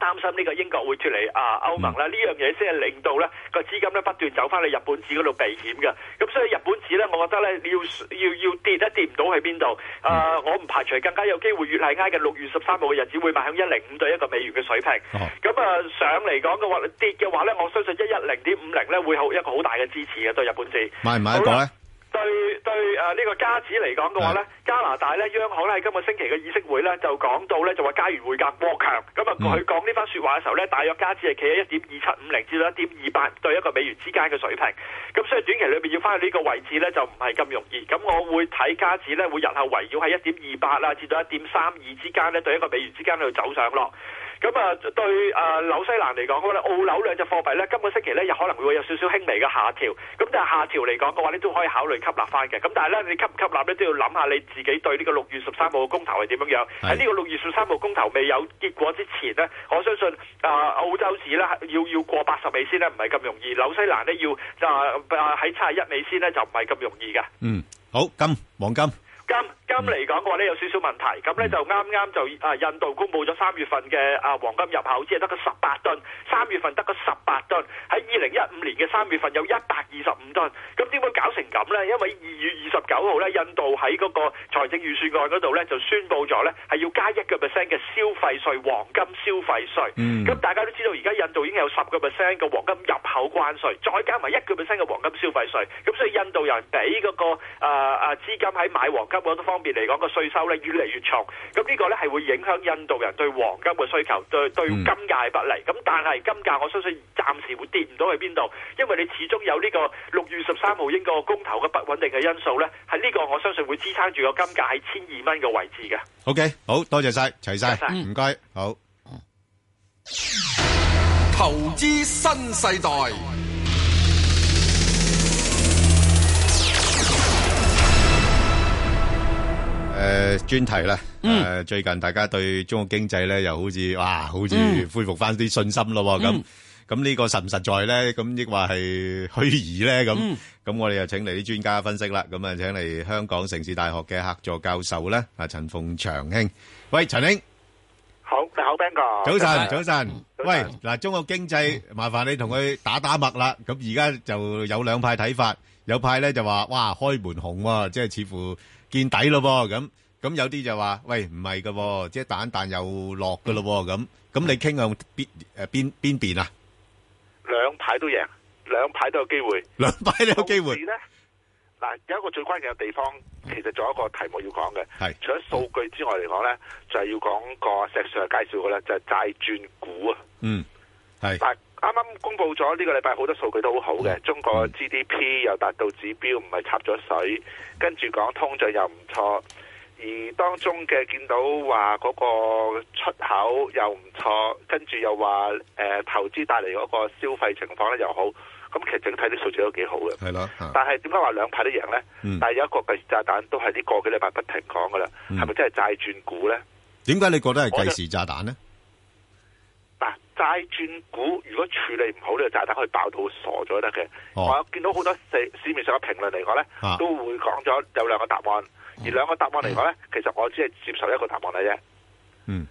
擔心呢個英國會脫離啊歐盟啦，呢、嗯、樣嘢先係令到咧個資金咧不斷走翻去日本紙嗰度避險嘅。咁所以日本紙咧，我覺得咧要要要跌都跌唔到去邊度。誒、嗯呃，我唔排除更加有機會越係挨嘅六月十三號嘅日子會邁向一零五對一個美元嘅水平。咁、哦、啊上嚟講嘅話，跌嘅話咧，我相信一一零點五零咧會好一個好大嘅支持嘅對日本紙。買唔買對對誒、呢、呃，呢個加紙嚟講嘅話呢，加拿大呢央行呢喺今、呢個星期嘅議息會呢就講到呢就話加元匯價過強，咁啊佢講呢番說話嘅時候呢，大約加紙係企喺一點二七五零至到一點二八對一個美元之間嘅水平，咁所以短期裏面要翻去呢個位置呢，就唔係咁容易，咁我會睇加紙呢會日後圍繞喺一點二八啦至到一點三二之間呢對一個美元之間去走上落。咁啊，對啊、呃，紐西蘭嚟講，澳紐兩隻貨幣咧，今個星期咧又可能會有少少輕微嘅下調。咁但係下調嚟講嘅話，你都可以考慮吸納翻嘅。咁但係咧，你吸唔吸納咧，都要諗下你自己對呢個六月十三號嘅公投係點樣。喺呢個六月十三號公投未有結果之前呢，我相信啊、呃，澳洲紙咧要要過八十美仙呢，唔係咁容易。紐西蘭呢，要就喺七十一美仙呢，就唔係咁容易嘅。嗯，好，金黃金金。今嚟講嘅話呢，有少少問題，咁呢，就啱啱就啊印度公佈咗三月份嘅啊黃金入口只係得個十八噸，三月份得個十八噸，喺二零一五年嘅三月份有一百二十五噸，咁點會搞成咁呢？因為二月二十九號呢，印度喺嗰個財政預算案嗰度呢，就宣佈咗呢，係要加一個 percent 嘅消費稅，黃金消費稅。咁、嗯、大家都知道而家印度已經有十個 percent 嘅黃金入口關稅，再加埋一個 percent 嘅黃金消費稅，咁所以印度人俾嗰、那個啊啊資金喺買黃金方。別嚟講個稅收咧，越嚟越重，咁呢個咧係會影響印度人對黃金嘅需求，對對金價係不利。咁但係金價我相信暫時會跌唔到去邊度，因為你始終有呢個六月十三號英國公投嘅不穩定嘅因素咧，係呢個我相信會支撐住個金價喺千二蚊嘅位置嘅。O、okay, K，好多謝晒，齊晒，唔該、嗯，好。投資新世代。誒，專題啦，誒，最近大家對中國經濟咧，又好似哇，好似恢復翻啲信心咯，咁咁呢個實唔實在咧？咁亦話係虛擬咧？咁咁我哋又請嚟啲專家分析啦，咁啊，請嚟香港城市大學嘅客座教授咧，阿陳鳳長興，喂，陳兄，好，你好邊個？早晨，早晨，喂嗱，中國經濟麻煩你同佢打打脈啦。咁而家就有兩派睇法，有派咧就話哇，開門紅喎，即係似乎。見底咯，咁咁有啲就話喂唔係噶，即係彈彈又落噶咯，咁咁你傾向邊誒邊邊邊啊？兩派都贏，兩派都有機會，兩派都有機會。嗱，有一個最關鍵嘅地方，其實仲有一個題目要講嘅，係除咗數據之外嚟講咧，就係要講個石 Sir 介紹嘅咧，就係債轉股啊。嗯，係。但啱啱公布咗呢個禮拜好多數據都好好嘅、嗯，中國 GDP 又達到指標，唔係插咗水。跟住講通脹又唔錯，而當中嘅見到話嗰個出口又唔錯，跟住又話誒、呃、投資帶嚟嗰個消費情況咧又好，咁其實整體啲數字都幾好嘅。係咯，但係點解話兩派都贏呢？嗯、但係有一個計時炸彈都係呢個幾禮拜不停講噶啦，係咪真係債轉股呢？點解你覺得係計時炸彈呢？債轉股如果處理唔好咧，炸彈可以爆到，傻咗得嘅。我見到好多市市面上嘅評論嚟講咧，都會講咗有兩個答案，啊、而兩個答案嚟講咧，其實我只係接受一個答案嚟啫。嗯，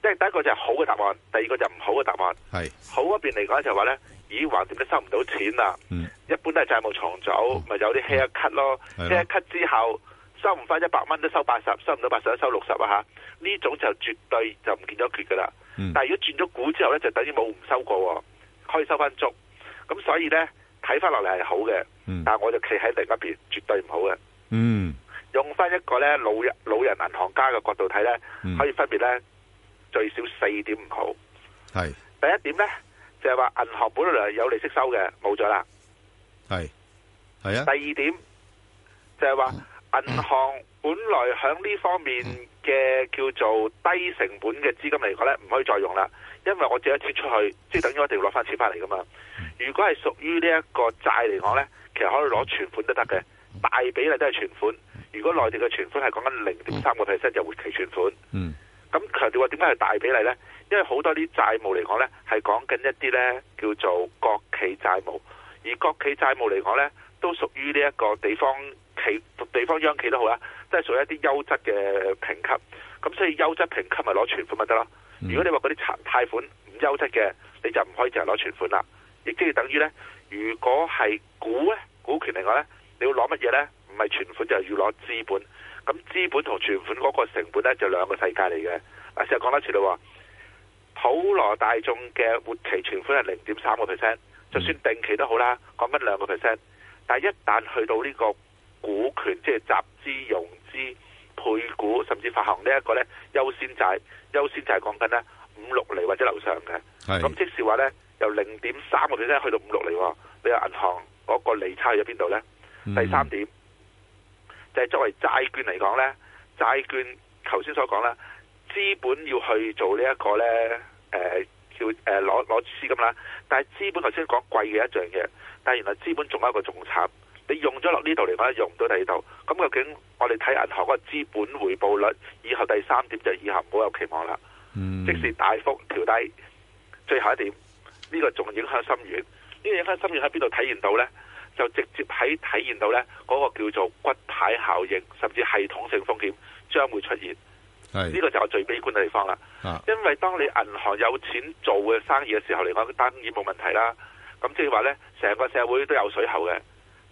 即係第一個就係好嘅答案，第二個就唔好嘅答案。係好嗰邊嚟講就係話咧，咦，橫掂都收唔到錢啦、嗯。一般都係債務重組，咪、嗯、有啲 hair cut 咯、啊、hair cut 之後收唔翻一百蚊，都收八十，收唔到八十都收六十啊吓，呢種就絕對就唔見咗缺噶啦。嗯、但係如果轉咗股之後咧，就等於冇唔收過、哦，可以收翻足，咁所以咧睇翻落嚟係好嘅、嗯。但係我就企喺另一邊，絕對唔好嘅。嗯，用翻一個咧老老人銀行家嘅角度睇咧、嗯，可以分別咧最少四點唔好。係第一點咧，就係話銀行本來有利息收嘅，冇咗啦。係係啊。第二點就係話銀行。 [coughs] 本來喺呢方面嘅叫做低成本嘅資金嚟講呢，唔可以再用啦，因為我自己切出去，即係等於我一定要攞翻錢返嚟噶嘛。如果係屬於呢一個債嚟講呢，其實可以攞存款都得嘅，大比例都係存款。如果內地嘅存款係講緊零點三個 percent 就活期存款，咁強調話點解係大比例呢？因為好多啲債務嚟講呢，係講緊一啲呢叫做國企債務，而國企債務嚟講呢，都屬於呢一個地方企、地方央企都好啦，都係屬於一啲優質嘅評級。咁所以優質評級咪攞存款咪得咯。如果你話嗰啲差貸款唔優質嘅，你就唔可以淨係攞存款啦。亦即係等於呢，如果係股呢，股權嚟講呢，你要攞乜嘢？呢？唔係存款就係，要攞資本。咁資本同存款嗰個成本呢，就兩個世界嚟嘅。嗱，成日講多次啦，話普羅大眾嘅活期存款係零點三個 percent，就算定期都好啦，講緊兩個 percent。但係一旦去到呢個股權，即係集資、融資、配股，甚至發行呢一個呢優先債，優先就係講緊呢五六厘或者樓上嘅。咁即是話呢，由零點三個 p 去到五六厘喎、哦，你話銀行嗰個利差去咗邊度呢、嗯？第三點就係、是、作為債券嚟講呢，債券頭先所講呢，資本要去做呢一個呢，誒、呃、叫誒攞攞資金啦。但係資本頭先講貴嘅一樣嘢。但原來資本仲有一個仲慘，你用咗落呢度嚟講，用唔到第二度。咁究竟我哋睇銀行個個資本回報率，以後第三點就以後唔好有期望啦、嗯。即使大幅調低，最後一點呢、這個仲影響深遠。呢、這個影響深遠喺邊度體現到呢？就直接喺體現到呢嗰、那個叫做骨牌效應，甚至系統性風險將會出現。呢、這個就係最悲觀嘅地方啦、啊。因為當你銀行有錢做嘅生意嘅時候嚟講，當然冇問題啦。咁即係話呢，成個社會都有水喉嘅。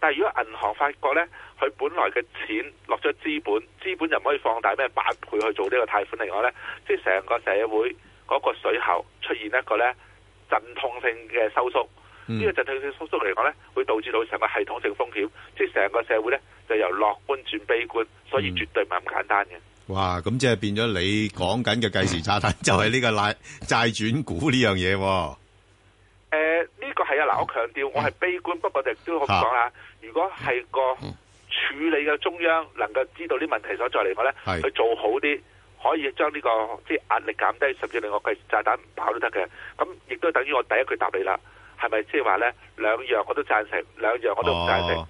但係如果銀行發覺呢，佢本來嘅錢落咗資本，資本又唔可以放大咩八倍去做呢個貸款，另外呢，即係成個社會嗰個水喉出現一個呢陣痛性嘅收縮。呢、嗯這個陣痛性收縮嚟講呢，會導致到成個系統性風險。即係成個社會呢，就由樂觀轉悲觀，所以絕對唔係咁簡單嘅、嗯。哇！咁即係變咗你講緊嘅計時炸彈、嗯，就係、是、呢、這個債債轉股呢樣嘢。誒、呃，呢、這個係啊嗱，我強調我係悲觀，嗯、不過就都好講啦。如果係個處理嘅中央能夠知道啲問題所在嚟，佢咧去做好啲，可以將呢、這個即係壓力減低，甚至令我計時炸彈唔爆都得嘅。咁亦都等於我第一句答你啦，係咪即係話咧兩樣我都贊成，兩樣我都唔贊成。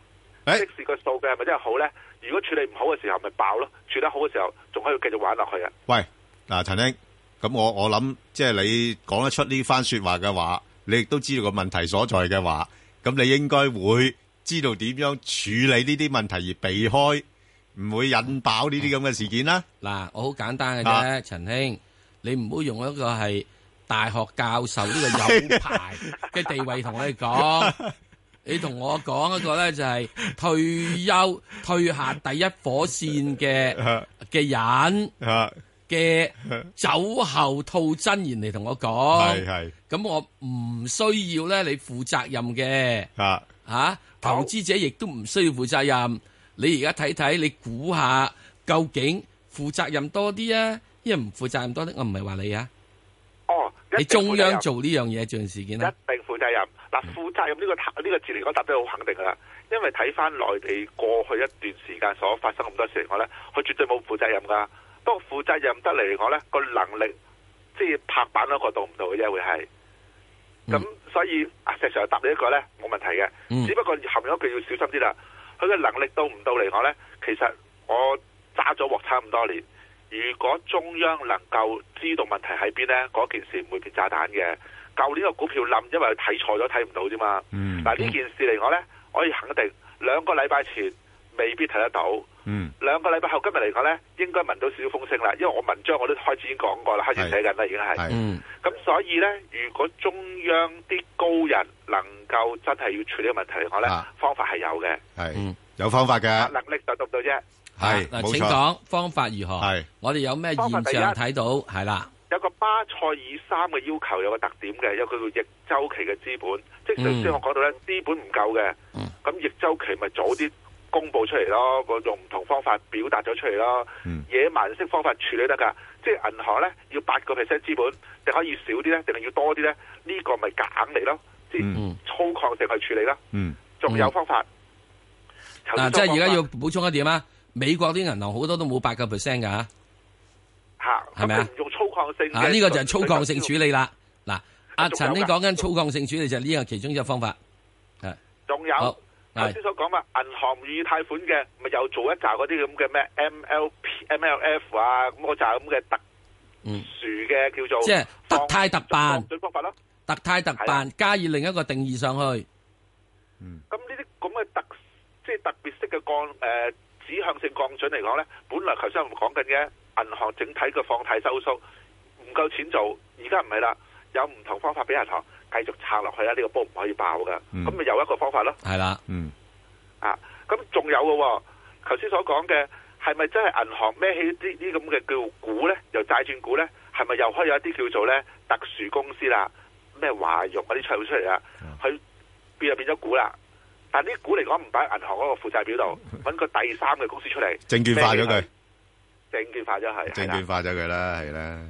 即使個數據係咪真係好咧，如果處理唔好嘅時候咪爆咯，處理好嘅時候仲可以繼續玩落去啊。喂嗱，陳兄，咁我我諗即係你講得出呢番說話嘅話。你亦都知道個問題所在嘅話，咁你應該會知道點樣處理呢啲問題而避開，唔會引爆呢啲咁嘅事件啦。嗱、啊，我好簡單嘅啫、啊，陳兄，你唔好用一個係大學教授呢個有牌嘅地位同 [laughs] 我哋講，你同我講一個咧就係退休退下第一火線嘅嘅、啊、人。啊嘅酒後吐真言嚟同我講，係係，咁我唔需要咧你負責任嘅，吓 [laughs] 吓、啊，投資者亦都唔需要負責任。你而家睇睇，你估下究竟負責任多啲啊？因為唔負責任多啲，我唔係話你啊。哦，你中央做呢樣嘢，呢件事件一定負責任。嗱，負責任呢、這個呢、這個字嚟講，答得好肯定噶啦。因為睇翻內地過去一段時間所發生咁多事嚟講咧，佢絕對冇負責任噶。多負責任得嚟我呢咧，個能力即係拍板嗰個到唔到嘅啫，會、mm. 係。咁所以啊石常又答一呢一個咧，冇問題嘅。Mm. 只不過含咗句要小心啲啦。佢嘅能力到唔到嚟，我呢，其實我揸咗鑊差咁多年。如果中央能夠知道問題喺邊呢，嗰件事唔會變炸彈嘅。夠年個股票冧，因為睇錯咗睇唔到啫嘛。嗱、mm. 呢件事嚟，我呢，可以肯定兩個禮拜前未必睇得到。嗯，兩個禮拜後今日嚟講咧，應該聞到少少風聲啦。因為我文章我都開始已經講過啦，開始寫緊啦，已經係。咁、嗯、所以咧，如果中央啲高人能夠真係要處理個問題嚟講咧，方法係有嘅，係、嗯、有方法嘅，能力就讀到啫。係、啊、請講方法如何？係我哋有咩現象睇到？係啦，有個巴塞爾三嘅要求有個特點嘅，有佢叫逆周期嘅資本，嗯、即係頭先我講到咧，資本唔夠嘅，咁逆周期咪早啲。公布出嚟咯，用唔同方法表達咗出嚟咯、嗯，野蠻式方法處理得噶，即係銀行咧要八個 percent 資本，定可以少啲咧，定係要多啲咧？呢、這個咪揀嚟咯，即、嗯、係、就是、粗獷性去處理啦。仲、嗯、有方法嗱、嗯啊，即係而家要補充一點啊，美國啲銀行好多都冇八個 percent 噶吓，係咪啊？用粗獷性吓呢個就係粗獷性處理啦。嗱、啊，陳生講緊粗獷性處理就係呢個其中一個方法，仲有。頭先所講嘛，銀行唔願意貸款嘅，咪又做一紮嗰啲咁嘅咩 MLP、MLF 啊，咁一紮咁嘅特殊嘅叫做、嗯、即係特貸特辦，放對方法咯。特貸特辦、啊，加以另一個定義上去。嗯。咁呢啲咁嘅特即係特別式嘅降誒、呃、指向性降準嚟講咧，本來頭先我哋講緊嘅銀行整體嘅放貸收縮唔夠錢做，而家唔係啦，有唔同方法俾銀行。繼續撐落去啦，呢、這個波唔可以爆噶。咁、嗯、咪有一個方法咯。係啦。嗯。啊，咁仲有嘅，頭先所講嘅係咪真係銀行孭起啲啲咁嘅叫股咧？又債轉股咧？係咪又可以有一啲叫做咧特殊公司啦？咩華融嗰啲財出嚟啊？佢、嗯、變就變咗股啦。但係啲股嚟講唔擺喺銀行嗰個負債表度，搵、嗯、個第三嘅公司出嚟，證券化咗佢。證券化咗係。證券化咗佢啦，係啦。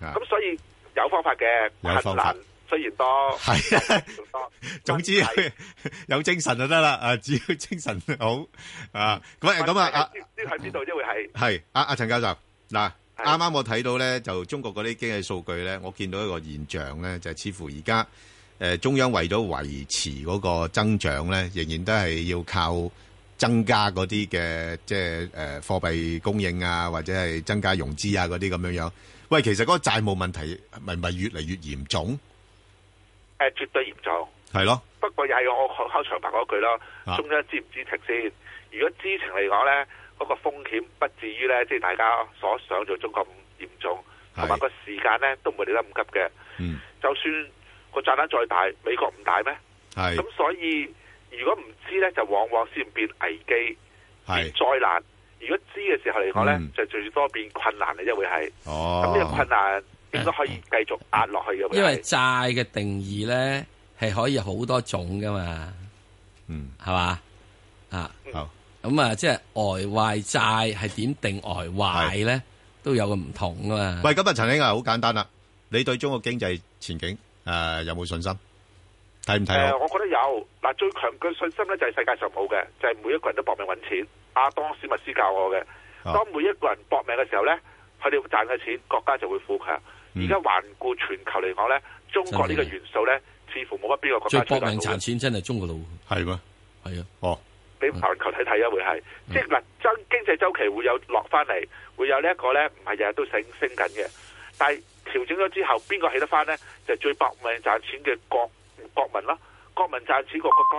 咁、啊、所以有方法嘅。有方法。雖然多係啊，多，總之有精神就得啦。啊，只要精神好啊，咁啊咁啊，啊，呢啲係唔到，呢會係係啊，阿陳教授嗱，啱啱我睇到咧，就中國嗰啲經濟數據咧，我見到一個現象咧，就係似乎而家誒中央為咗維持嗰個增長咧，仍然都係要靠增加嗰啲嘅，即係誒貨幣供應啊，或者係增加融資啊嗰啲咁樣樣。喂，其實嗰個債務問題咪咪越嚟越嚴重？誒，絕對嚴重，係咯。不過又係我學敲長白嗰句咯，啊、中央知唔知情先？如果知情嚟講咧，嗰、那個風險不至於咧，即、就、係、是、大家所想象中國咁嚴重，同埋個時間咧都唔會嚟得咁急嘅。嗯，就算個炸彈再大，美國唔大咩？係。咁所以如果唔知咧，就往往先變危機，變災難。如果知嘅時候嚟講咧，就最多變困難嘅，一會係。哦。咁呢個困難。點解可以繼續壓落去嘅？因為債嘅定義咧係可以好多種噶嘛，嗯，係嘛啊，咁、嗯、啊、嗯嗯呃嗯呃，即係外壞債係點定外壞咧，都有個唔同噶嘛。喂，咁啊，曾興啊，好簡單啦，你對中國經濟前景誒、呃、有冇信心？睇唔睇？誒，我覺得有。嗱、啊，最強嘅信心咧就係世界上冇嘅，就係、是、每一個人都搏命搵錢。阿當史密斯教我嘅、啊，當每一個人都搏命嘅時候咧，佢哋賺嘅錢，國家就會富強。而家環顧全球嚟講咧，中國呢個元素咧，似乎冇乜邊個國家搏命賺錢，真係中國佬，係咩？係啊，哦，俾全球睇睇啊，嗯、會係，即係嗱，經經濟周期會有落翻嚟，會有呢一個咧，唔係日日都升升緊嘅，但係調整咗之後，邊個起得翻咧？就係、是、最搏命賺錢嘅國國民啦，國民賺錢個國家。